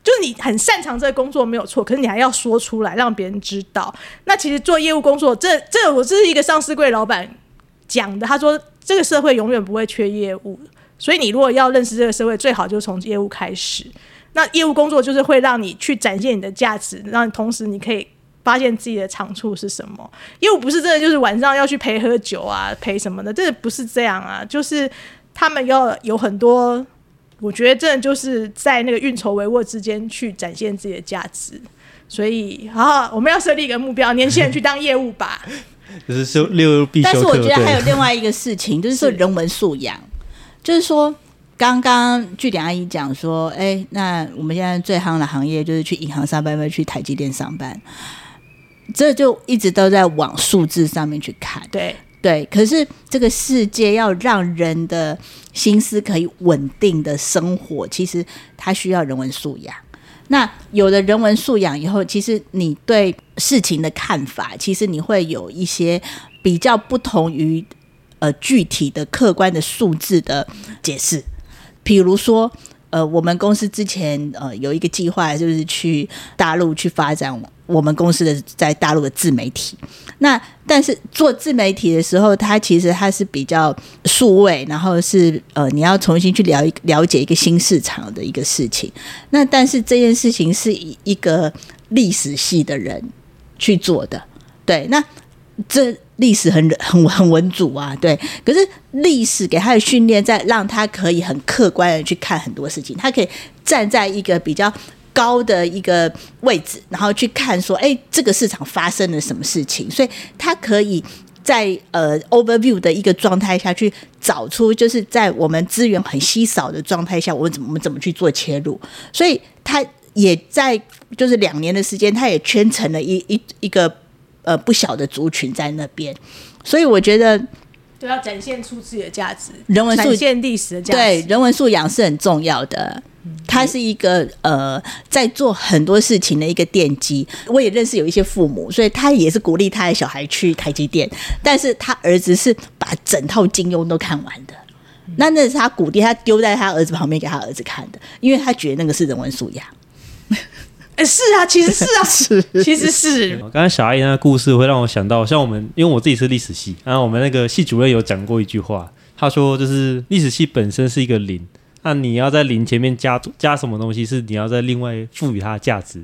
就是你很擅長這個工作沒有錯，可是你還要說出來讓別人知道。那其實做業務工作，這這我這是一個上市櫃老闆講的，他說這個社會永遠不會缺業務，所以你如果要認識這個社會，最好就從業務開始。那業務工作就是會讓你去展現你的價值，讓同時你可以發現自己的長處是什麼。業務不是真的就是晚上要去陪喝酒啊，陪什麼的，這不是這樣啊，就是他們要有很多。我覺得這，就是在那個運籌帷幄之間去展現自己的價值，所以好，好我們要設立一個目標：年輕人去當業務吧，這 是修六必修課，但是我覺得還有另外一個事情，對就是說人文素養，是就是說剛剛句點阿姨講說，哎、欸，那我們現在最夯的行業就是去銀行上班，要去台積電上班，這就一直都在往數字上面去看。對對，可是這個世界要讓人的，心思可以穩定的生活，其實它需要人文素養。那有了人文素養以後，其實你對事情的看法，其實你會有一些比較不同於呃具體的客觀的數字的解釋。比如說，呃，我們公司之前呃有一個計劃，就是去大陸去發展。我們公司的在大陸的自媒體，那但是做自媒體的時候，他其實他是比較數位，然後是呃，你要重新去了了解一個新市場的一個事情。那但是這件事情是以一個歷史系的人去做的，對，那這歷史很很很穩重啊，對。可是歷史給他的訓練，在讓他可以很客觀的去看很多事情，他可以站在一個比較。高的一個位置，然後去看說，哎、欸，這個市場發生了什麼事情，所以他可以在呃 overview 的一個狀態下去找出，就是在我們資源很稀少的狀態下，我們怎麼我們怎麼去做切入，所以他也在就是兩年的時間，他也圈成了一一一,一個呃不小的族群在那邊，所以我覺得，就要展現出自己的價值，人文素養，展現歷史的價值，對人文素養是很重要的。他是一個、嗯、呃，在做很多事情的一個電機，我也認識有一些父母，所以他也是鼓勵他的小孩去台積電。嗯、但是他兒子是把整套金庸都看完的，嗯、那那是他鼓勵他丟在他兒子旁邊給他兒子看的，嗯、因為他覺得那個是人文素養。 是啊，其實是啊，是，是其實是。剛才小阿姨那個故事會讓我想到，像我們，因為我自己是歷史系，然後我們那個系主任有講過一句話，他說就是歷史系本身是一個零。那你要在零前面加加什麼東西？是你要在另外賦予它的價值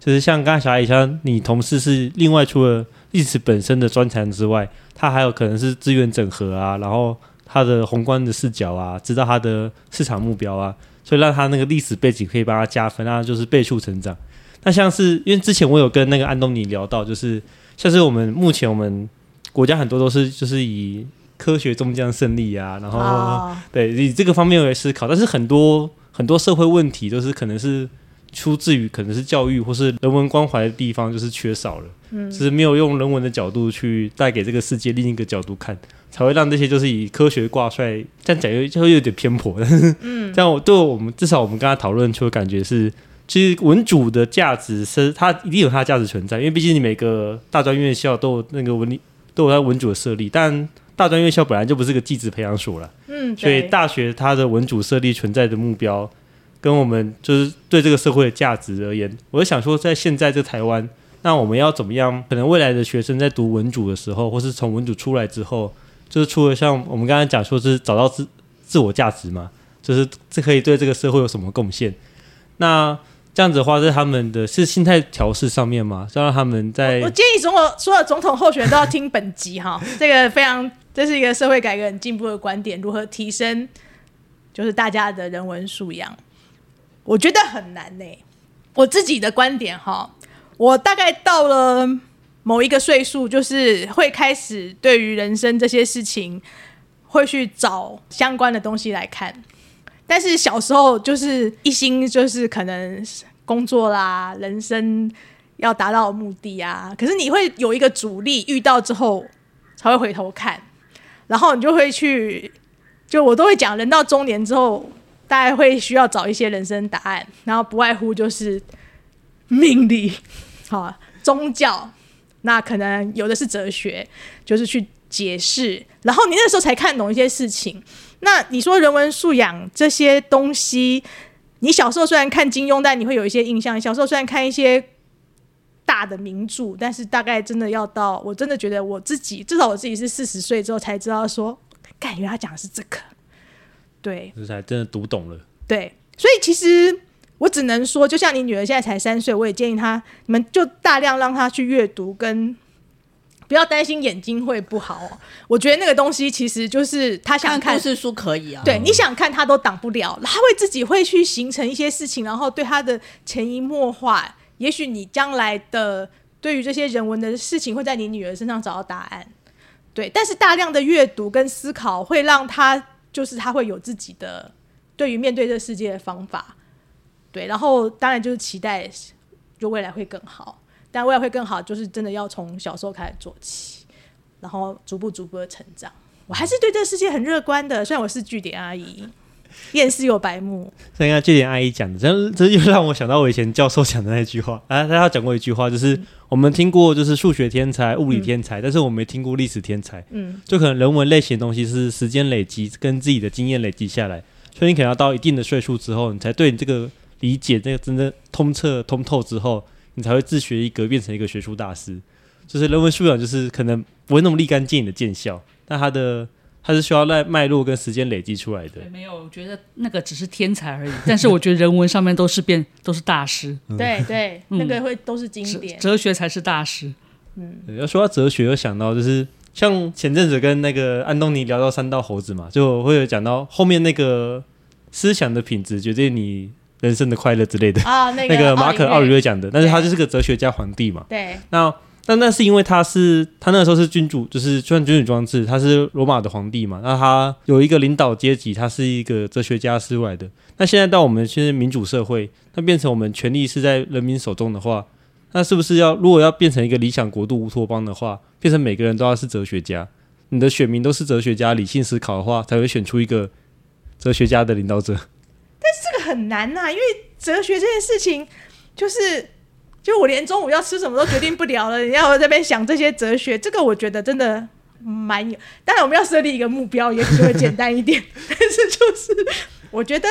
就是像剛才小阿姨，像，你同事是另外除了歷史本身的專長之外，他還有可能是資源整合啊，然後他的宏觀的視角啊，知道他的市場目標啊，所以讓他那個歷史背景可以幫他加分啊，讓他就是倍速成長。那像是因為之前我有跟那個安東尼聊到，就是像是我們目前我們國家很多都是就是以。科學終將勝利啊！然後，oh. 對以這個方面為思考，但是很多很多社會問題都是可能是出自於可能是教育或是人文關懷的地方，就是缺少了，嗯、就是沒有用人文的角度去帶給這個世界另一個角度看，才會讓這些就是以科學掛帥。這樣講又又有點偏頗，嗯、這樣但我對我們至少我們剛才討論出的感覺是，其實文組的價值是它一定有它的價值存在，因為畢竟你每個大專院校都有那個文理都有它文組的設立，但大專院校本來就不是個技職培養所了，嗯，所以大學它的文組設立存在的目標，跟我們就是對這個社會的價值而言，我就想說，在現在這台灣，那我們要怎麼樣？可能未來的學生在讀文組的時候，或是從文組出來之後，就是除了像我們剛才講說是找到自自我價值嘛，就是這可以對這個社會有什麼貢獻？那這樣子的話，在他們的是心態調試上面嘛，就讓他們在我，我建議所有所有總統候選人都要聽本集哈， 這個非常。這是一個社會改革很進步的觀點。如何提升，就是大家的人文素養，我覺得很難呢、欸。我自己的觀點哈，我大概到了某一個歲數，就是會開始對於人生這些事情，會去找相關的東西來看。但是小時候就是一心就是可能工作啦，人生要達到的目的啊。可是你會有一個阻力，遇到之後才會回頭看。然後你就會去，就我都會講，人到中年之後，大概會需要找一些人生答案，然後不外乎就是命理，好宗教，那可能有的是哲學，就是去解釋，然後你那時候才看懂一些事情。那你說人文素養這些東西，你小時候雖然看金庸，但你會有一些印象；小時候雖然看一些大的名著，但是大概真的要到，我真的覺得我自己至少我自己是四十歲之後才知道說，感覺他講的是這個，對，這才真的讀懂了。對，所以其實我只能說，就像你女兒現在才三歲，我也建議她，你們就大量讓她去閱讀，跟不要擔心眼睛會不好喔。我覺得那個東西其實就是她想看，看故事書可以啊，對，嗯、你想看她都擋不了，她會自己會去形成一些事情，然後對她的潛移默化。也許你將來的對於這些人文的事情，會在你女兒身上找到答案，對。但是大量的閱讀跟思考，會讓她就是她會有自己的對於面對這個世界的方法，對。然後當然就是期待，就未來會更好。但未來會更好，就是真的要從小時候開始做起，然後逐步逐步的成長。我還是對這個世界很樂觀的，雖然我是句點阿姨。嗯厭世有白目，所以應該這點阿姨講的。這這又讓我想到我以前教授講的那句話啊。他講過一句話，就是、嗯、我們聽過就是數學天才、物理天才，嗯、但是我們沒聽過歷史天才。嗯，就可能人文類型的東西是時間累積跟自己的經驗累積下來，所以你可能要到一定的歲數之後，你才對你這個理解，那個真正通徹通透之後，你才會自學一格，變成一個學術大師。就是人文素養，就是可能不會那麼立竿見影的見效，但他的。他是需要在脈絡跟時間累積出來的，欸。沒有，我覺得那個只是天才而已。 但是我覺得人文上面都是變，都是大師。對 對，對嗯、那個會都是經典。哲、哲學才是大師。嗯，要說到哲學，又想到就是像前陣子跟那個安東尼聊到三道猴子嘛，就會有講到後面那個思想的品質決定你人生的快樂之類的。啊、哦，那個， 那個馬。馬可奧里略講的，哦、但是他就是個哲學家皇帝嘛。對。對那。但那是因為他是他那時候是君主，就是就算君主專制，他是羅馬的皇帝嘛。那他有一個領導階級，他是一個哲學家之外的。那現在到我們現在民主社會，那變成我們權力是在人民手中的話，那是不是要如果要變成一個理想國度烏托邦的話，變成每個人都要是哲學家，你的選民都是哲學家，理性思考的話，才會選出一個哲學家的領導者。但是這個很難吶、啊，因為哲學這件事情就是。就我連中午要吃什麼都決定不了了，你要在這邊想這些哲學，這個我覺得真的蠻有。當然我們要設立一個目標，也許會簡單一點， 但是就是我覺得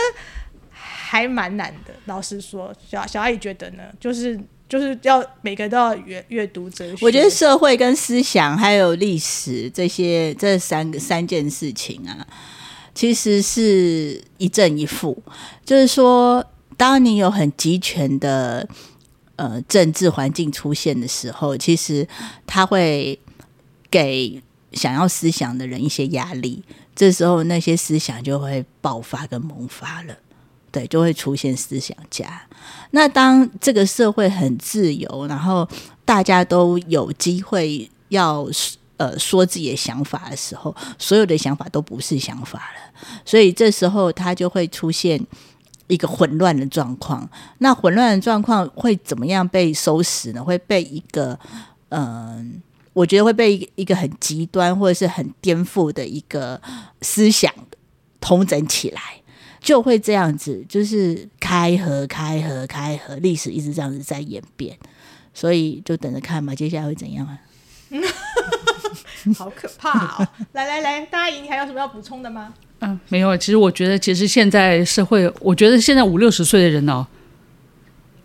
還蠻難的。老實說，小小阿姨覺得呢，就是就是要每個人都要閱閱讀哲學。我覺得社會跟思想還有歷史這些這三三件事情啊，其實是一正一負，就是說當你有很集權的。呃，政治環境出現的時候，其實他會給想要思想的人一些壓力。這時候，那些思想就會爆發跟萌發了，對，就會出現思想家。那當這個社會很自由，然後大家都有機會要呃說自己的想法的時候，所有的想法都不是想法了。所以這時候，他就會出現，一個混亂的狀況，那混亂的狀況會怎麼樣被收拾呢？會被一個嗯、呃，我覺得會被一個很極端或者是很顛覆的一個思想統整起來，就會這樣子，就是開合、開合、開合，歷史一直這樣子在演變，所以就等着看吧，接下來會怎樣啊？ 好可怕哦！ 來來來，大姨，你還有什麼要補充的嗎？嗯，沒有。其實我覺得，其實現在社會，我覺得現在五六十歲的人呢、哦，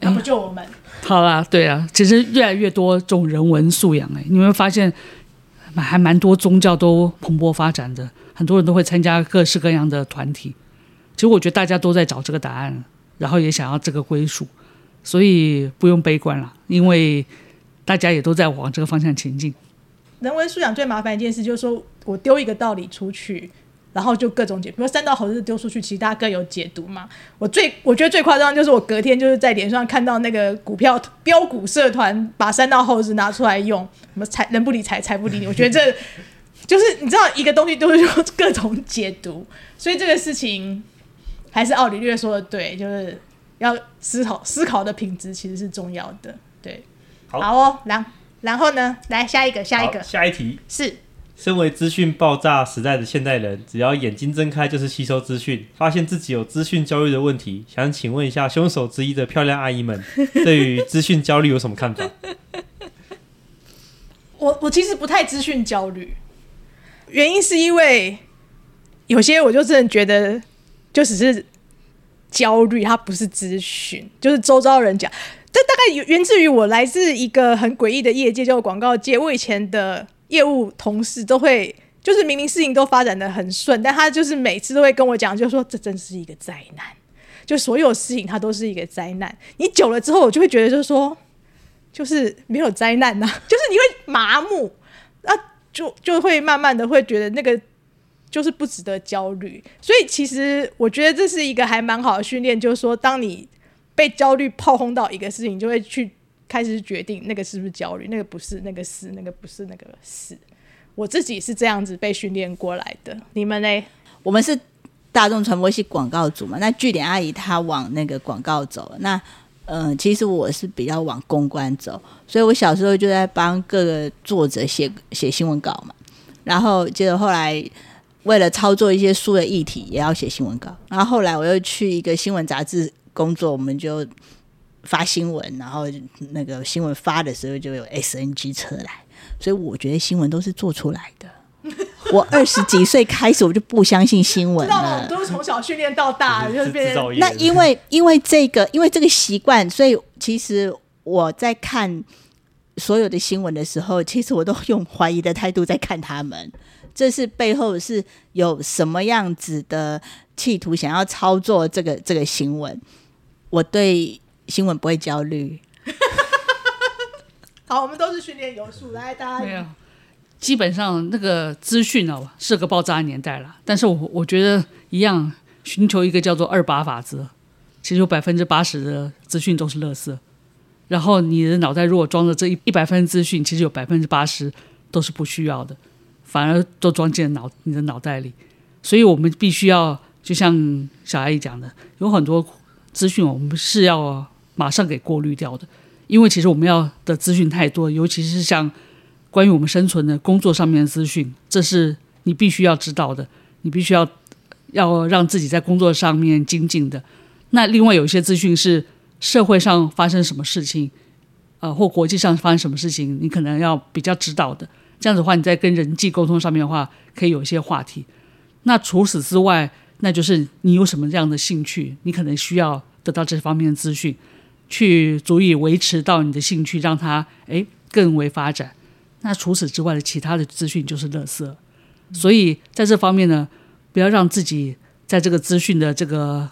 要不就我們、哎？好啦，對啊，其實越來越多這種人文素養哎、欸，你們發現，還蠻多宗教都蓬勃發展的，很多人都會參加各式各樣的團體。其實我覺得大家都在找這個答案，然後也想要這個歸屬，所以不用悲觀了，因為大家也都在往這個方向前進。人文素養最麻煩一件事就是說我丟一個道理出去。然後就各種解讀，比如三道猴子丟出去，其他各有解讀嘛。我最我覺得最誇張的就是我隔天就是在臉書上看到那個股票飆股社團把三道猴子拿出來用，什麼財人不理財，財不理你。我覺得這 就是你知道一個東西都是各種解讀，所以這個事情還是奧里略說的對，就是要思考，思考的品質其實是重要的。對，好，好哦。然後然後呢，來下一個，下一個，下一題是。身為資訊爆炸時代的現代人，只要眼睛睜開就是吸收資訊。發現自己有資訊焦慮的問題，想請問一下兇手之一的漂亮阿姨們， 對於資訊焦慮有什麼看法？我我其實不太資訊焦慮，原因是因為有些我就真的覺得就只是焦慮，它不是資訊。就是周遭人講，這大概源源自於我來自一個很詭異的業界，叫廣告界。我以前的。業務同事都會，就是明明事情都發展的很順，但他就是每次都會跟我講，就說這真是一個災難，就所有事情它都是一個災難。你久了之後，我就會覺得，就是說就是沒有災難吶、啊， 就是你會麻木啊，就就會慢慢的會覺得那個就是不值得焦慮。所以其實我覺得這是一個還蠻好的訓練，就是說當你被焦慮炮轟到一個事情，就會去。開始決定那個是不是焦慮，那個不是，那個是，那個不是，那個是。我自己是這樣子被訓練過來的。你們呢？我們是大眾傳播系廣告組嘛，那句點阿姨她往那個廣告走了，那嗯、呃，其實我是比較往公關走。所以我小時候就在幫各個作者寫寫新聞稿嘛，然後接著後來為了操作一些書的議題，也要寫新聞稿。然後後來我又去一個新聞雜誌工作，我們就。發新聞，然後那個新聞發的時候就有 SNG 車來，所以我覺得新聞都是做出來的。 我二十幾歲開始，我就不相信新聞了 知道。都是從小訓練到大， 就變成那因為因為這個因為這個習慣，所以其實我在看所有的新聞的時候，其實我都用懷疑的態度在看他們。這是背後是有什麼樣子的企圖，想要操作這個這個新聞？我對。新聞不會焦慮， 好，我們都是訓練有素，來，大家基本上那個資訊啊，是個爆炸年代了。但是我我覺得一樣，尋求一個叫做二八法則，其實有百分之八十的資訊都是樂色，然後你的腦袋如果裝着這一一百分資訊，其實有百分之八十都是不需要的，反而都裝進了腦你的腦袋裡。所以我們必須要，就像小阿姨講的，有很多資訊我們不是要。馬上給過濾掉的，因為其實我們要的資訊太多，尤其是像關於我們生存的工作上面的資訊，這是你必須要知道的，你必須要要讓自己在工作上面精進的。那另外有一些資訊是社會上發生什麼事情，啊、呃，或國際上發生什麼事情，你可能要比較知道的。這樣子的話，你在跟人際溝通上面的話，可以有一些話題。那除此之外，那就是你有什麼這樣的興趣，你可能需要得到這方面的資訊。去足以維持到你的興趣，讓它哎更為發展。那除此之外的其他的資訊就是垃圾，嗯、所以在這方面呢，不要讓自己在這個資訊的這個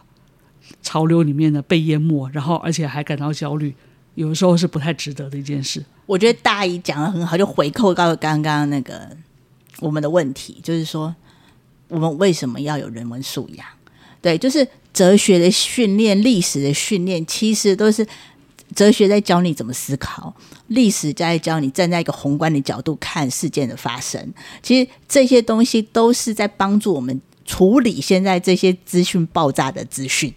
潮流裡面呢被淹沒，然後而且還感到焦慮，有的時候是不太值得的一件事。我覺得大姨講得很好，就回扣到剛剛那個我們的問題，就是說我們為什麼要有人文素養？對，就是哲學的訓練、歷史的訓練，其實都是哲學在教你怎麼思考，歷史在教你站在一個宏觀的角度看事件的發生。其實這些東西都是在幫助我們處理現在這些資訊爆炸的資訊。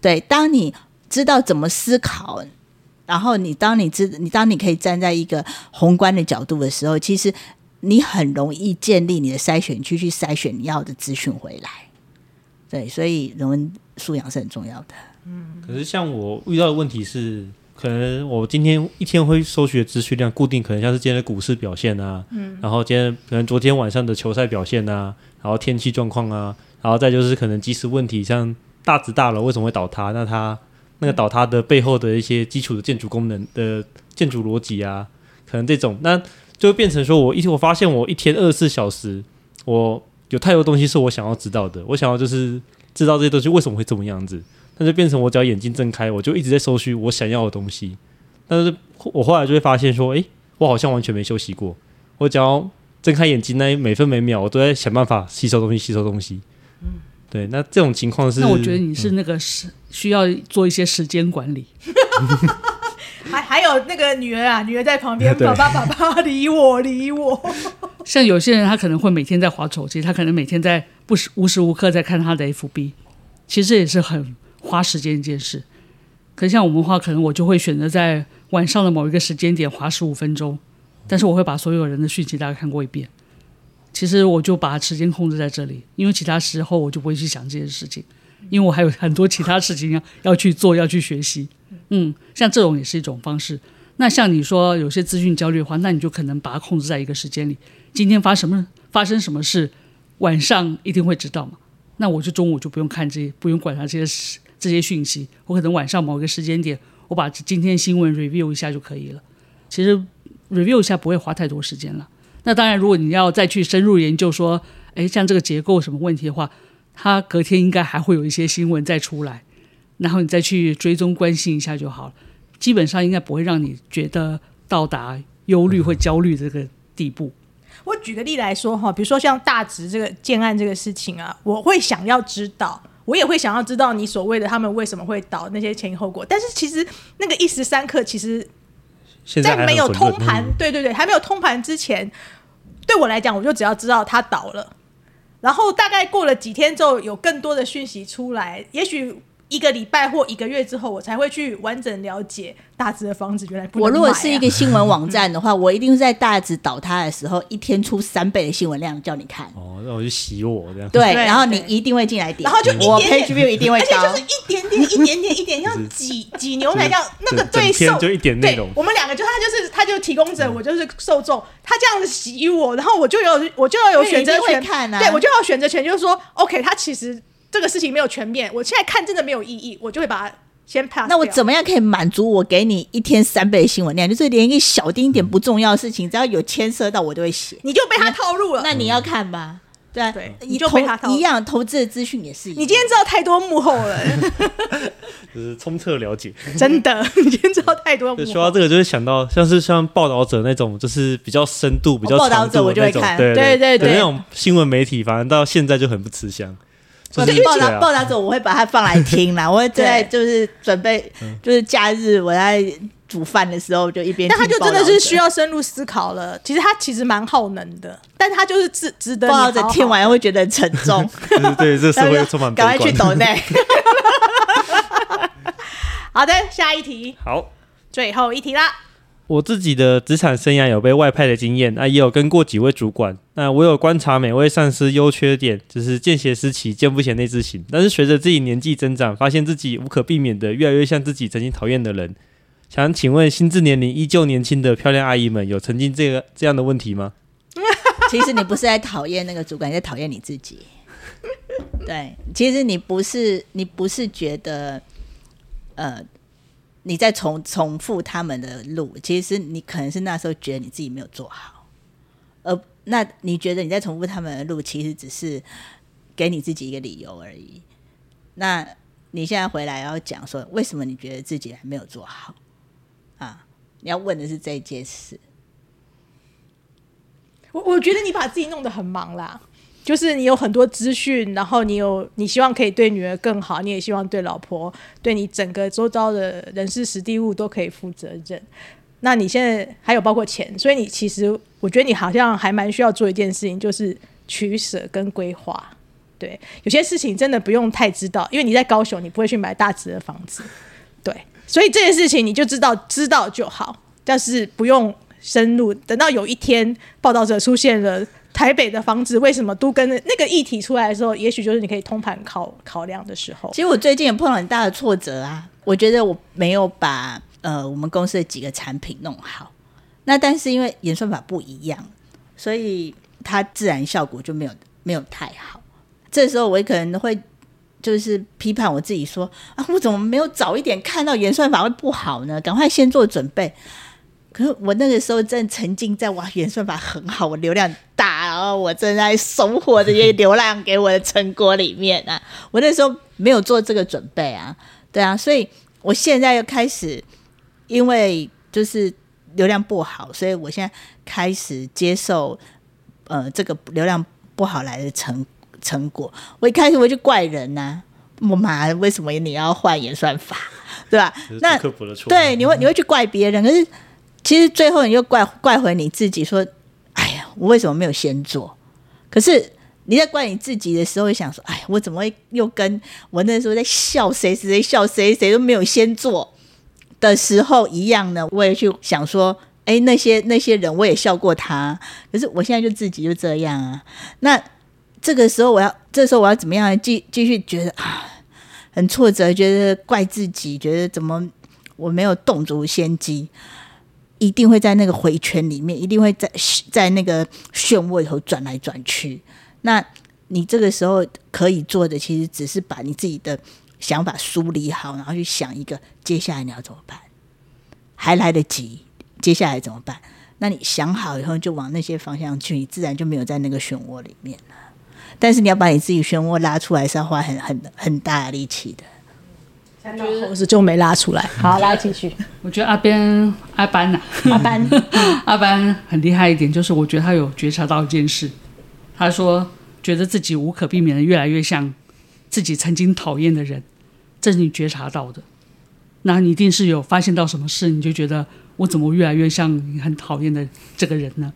對，當你知道怎麼思考，然後你當你知你當你可以站在一個宏觀的角度的時候，其實你很容易建立你的篩選區，去篩選你要的資訊回來。對，所以人文素養是很重要的。嗯，可是像我遇到的問題是，可能我今天一天會收取的資訊量固定，可能像是今天的股市表現啊，嗯，然後今天可能昨天晚上的球賽表現啊，然後天氣狀況啊，然後再就是可能即時問題，像大直大樓為什麼會倒塌？那它那個倒塌的背後的一些基礎的建築功能的建築邏輯啊，可能這種，那就變成說我一我發現我一天二十四小時我。有太多東西是我想要知道的，我想要就是知道這些東西為什麼會這麼樣子，但是變成我只要眼睛睜開，我就一直在搜尋我想要的東西。但是我後來就會發現說，哎、欸，我好像完全沒休息過，我只要睜開眼睛那，那每分每秒我都在想辦法吸收東西，吸收東西。嗯，對，那這種情況是，那我覺得你是那個是、嗯、需要做一些時間管理。 還還有那個女兒啊，女兒在旁邊對爸，爸爸爸爸理我理我、理我。像有些人，他可能會每天在滑手機，他可能每天在不時無時無刻在看他的 FB，其實這也是很花時間一件事。可是像我們的話，可能我就會選擇在晚上的某一個時間點花十五分鐘，但是我會把所有人的訊息大概看過一遍。其實我就把時間控制在這裡，因為其他時候我就不會去想這些事情。因為我還有很多其他事情要要去做，要去學習。嗯，像這種也是一種方式。那像你說有些資訊焦慮的話，那你就可能把它控制在一個時間裡。今天發什麼發生什麼事，晚上一定會知道嘛。那我就中午就不用看這些，不用管他這些這些訊息。我可能晚上某個時間點，我把今天新聞 review 一下就可以了。其實 review 一下不會花太多時間了。那當然，如果你要再去深入研究說，誒，像這個結構什麼問題的話。他隔天應該還會有一些新聞再出來，然後你再去追蹤關心一下就好了。基本上應該不會讓你覺得到達憂慮或焦慮這個地步。嗯。我舉個例來說哈，比如說像大直這個建案這個事情啊，我會想要知道，我也會想要知道你所謂的他們為什麼會倒那些前因後果。但是其實那個一時三刻，其實在沒有通盤，對，對對對，還沒有通盤之前，對我來講，我就只要知道他倒了。然後大概過了幾天之後，有更多的訊息出來，也許。一個禮拜或一個月之後，我才會去完整了解大直的房子原來不能買。我如果是一個新聞網站的話，我一定在大直倒塌的時候，一天出三倍的新聞量叫你看。哦，那我就洗我這樣。對，然後你一定會進來點。然後就我 H B U 一定會高，而且就是一點點、一點點、一點，要擠擠牛奶要那個對受眾。整天就一點內容。我們兩個就他就是他就提供者，我就是受眾。他這樣洗我，然後我就有我就要有選擇權。看對，我就要選擇權，就是說，OK，他其實，這個事情沒有全面，我現在看真的沒有意義，我就會把它先 pass 掉。那我怎麼樣可以滿足我給你一天三倍的新聞量？就是連一小丁點不重要的事情，只要有牽涉到，我都會寫。你就被他套路了。那你要看吧，對，你就被他一樣投資的資訊也是一樣。你今天知道太多幕後了，就是充測了解。真的，你今天知道太多。說到這個，就會想到像是像報道者那種，就是比較深度、比較長的那種。報道者我就會看。對對對，那種新聞媒體，反正到現在就很不吃香。所以、就是、報導、啊、報導者，我會把它放來聽啦。 對我會在就是準備，就是假日我在煮飯的時候就一邊聽。那、嗯、他就真的是需要深入思考了。其實他其實蠻耗能的，但他就是值值得好好道，聽完會覺得沉重。 對，對，對，這社會充滿。趕 快去抖內。 好的，下一題。好，最後一題啦。我自己的職場生涯有被外派的經驗，那、啊、也有跟過幾位主管，那、啊、我有觀察每位上司優缺點，只是見賢思齊，見不賢內自省。但是隨着自己年紀增長，發現自己無可避免的越來越像自己曾經討厭的人。想請問心智年齡依舊年輕的漂亮阿姨們，有曾經這個這樣的問題嗎？其實你不是在討厭那個主管，你在討厭你自己。對，其實你不是你不是覺得，呃。你在重重複他們的路，其實你可能是那時候覺得你自己沒有做好，而那你覺得你在重複他們的路，其實只是給你自己一個理由而已。那你現在回來要講說，為什麼你覺得自己還沒有做好？啊，你要問的是這件事。我我覺得你把自己弄得很忙啦。就是你有很多資訊，然後你有你希望可以對女兒更好，你也希望對老婆，對你整個周遭的人、事、時、地、物都可以負責任。那你現在還有包括錢，所以你其實我覺得你好像還蠻需要做一件事情，就是取捨跟規劃。對，有些事情真的不用太知道，因為你在高雄，你不會去買大直的房子。對，所以這件事情你就知道，知道就好，但是不用深入。等到有一天報道者出現了。台北的房子為什麼都跟那個議題出來的時候，也許就是你可以通盤考考量的時候。其實我最近也碰到很大的挫折啊，我覺得我沒有把呃我們公司的幾個產品弄好。那但是因為演算法不一樣，所以它自然效果就沒有沒有太好。這個時候我可能會就是批判我自己說啊，我怎麼沒有早一點看到演算法會不好呢？趕快先做準備。可是我那個時候正沉浸在哇，演算法很好，我流量大、啊，然後我正在收穫這些流量給我的成果裡面啊。 我那時候沒有做這個準備啊，對啊，所以我現在又開始，因為就是流量不好，所以我現在開始接受呃這個流量不好來的成成果。我一開始我就怪人吶、啊，我媽，為什麼你要換演算法？對吧、啊？ 那對你會你會去怪別人，可是。其實最後你又怪怪回你自己說，哎呀，我為什麼沒有先做？可是你在怪你自己的時候，想說，哎，我怎麼會又跟我那時候在笑誰誰笑誰誰都沒有先做的時候一樣呢？我也去想說，哎，那些那些人我也笑過他，可是我現在就自己就這樣啊。那這個時候我要這時候我要怎麼樣？繼繼續覺得啊，很挫折，覺得怪自己，覺得怎麼我沒有洞燭先機，一定會在那個回圈裡面，一定會在在那個漩渦裡頭轉來轉去。那你這個時候可以做的，其實只是把你自己的想法梳理好，然後去想一個接下來你要怎麼辦？還來得及，接下來怎麼辦？那你想好以後就往那些方向去，你自然就沒有在那個漩渦裡面了。但是你要把你自己漩渦拉出來，是要花很很很大的力氣的。看到猴就沒拉出來，好拉進去。我覺得阿邊阿班吶，阿班、啊、阿班 阿班很厲害一點，就是我覺得他有覺察到一件事，他說覺得自己無可避免的越來越像自己曾經討厭的人，這是你覺察到的，那你一定是有發現到什麼事，你就覺得我怎麼越來越像你很討厭的這個人呢？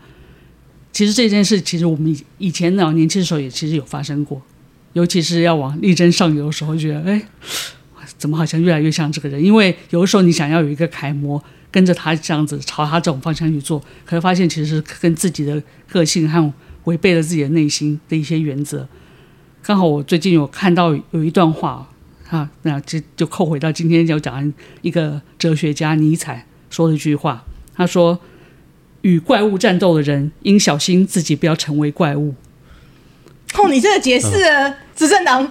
其實這件事，其實我們以以前呢，年輕的時候也其實有發生過，尤其是要往力爭上游的時候，覺得哎。欸怎麼好像越來越像這個人？因為有的時候你想要有一個楷模，跟着他這樣子朝他這種方向去做，可是發現其實跟自己的個性還有違背了自己的內心的一些原則。剛好我最近有看到有一段話，啊，那就就扣回到今天要講一個哲學家尼采說的一句話，他說：“與怪物戰鬥的人，應小心自己不要成為怪物。”哦、你這個解釋啊，執、嗯、政黨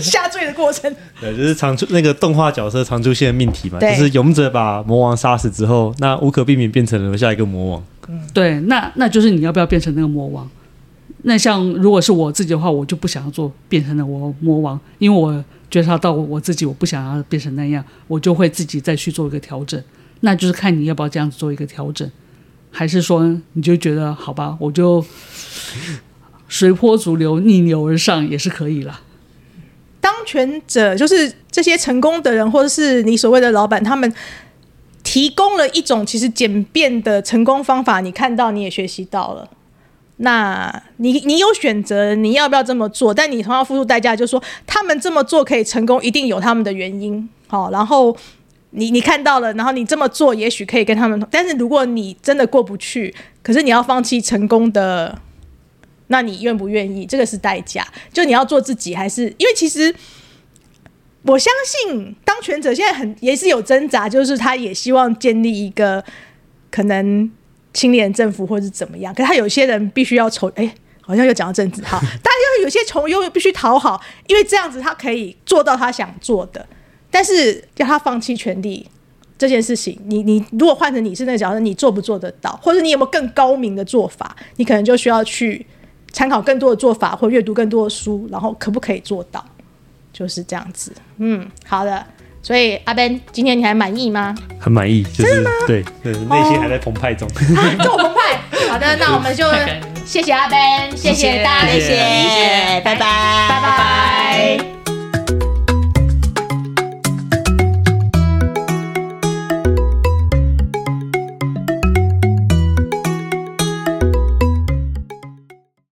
下墜的過程。對，就是常出那個動畫角色常出現的命題嘛，對就是勇者把魔王殺死之後，那無可避免變成了下一個魔王。對，那那就是你要不要變成那個魔王？那像如果是我自己的話，我就不想要做變成了我魔王，因為我覺察到我自己，我不想要變成那樣，我就會自己再去做一個調整。那就是看你要不要這樣子做一個調整，還是說你就覺得好吧，我就。 隨波逐流，逆流而上也是可以了。當權者就是這些成功的人，或者是你所謂的老闆，他們提供了一種其實簡便的成功方法。你看到，你也學習到了。那你你有選擇，你要不要這麼做？但你同樣付出代價，就是說他們這麼做可以成功，一定有他們的原因。好、哦，然後你你看到了，然後你這麼做，也許可以跟他們。但是如果你真的過不去，可是你要放棄成功的。那你願不願意？這個是代價，就你要做自己，還是因為其實我相信，當權者現在很也是有掙扎，就是他也希望建立一個可能青年政府，或是怎麼樣。可是他有些人必須要從，哎、欸，好像又講到政治哈。但又是有些從，又必須討好，因為這樣子他可以做到他想做的。但是叫他放棄權力這件事情你，你你如果換成你是那個角色，你做不做得到？或者你有沒有更高明的做法？你可能就需要去。參考更多的做法，或閱讀更多的書，然後可不可以做到？就是這樣子。嗯，好的。所以阿 Ben，今天你還滿意嗎？很滿意，就是對，內心還在澎湃中，就、哦啊、澎湃。 好的，那我們就謝謝阿 Ben， 謝謝大家，謝謝，拜拜，拜拜。拜拜。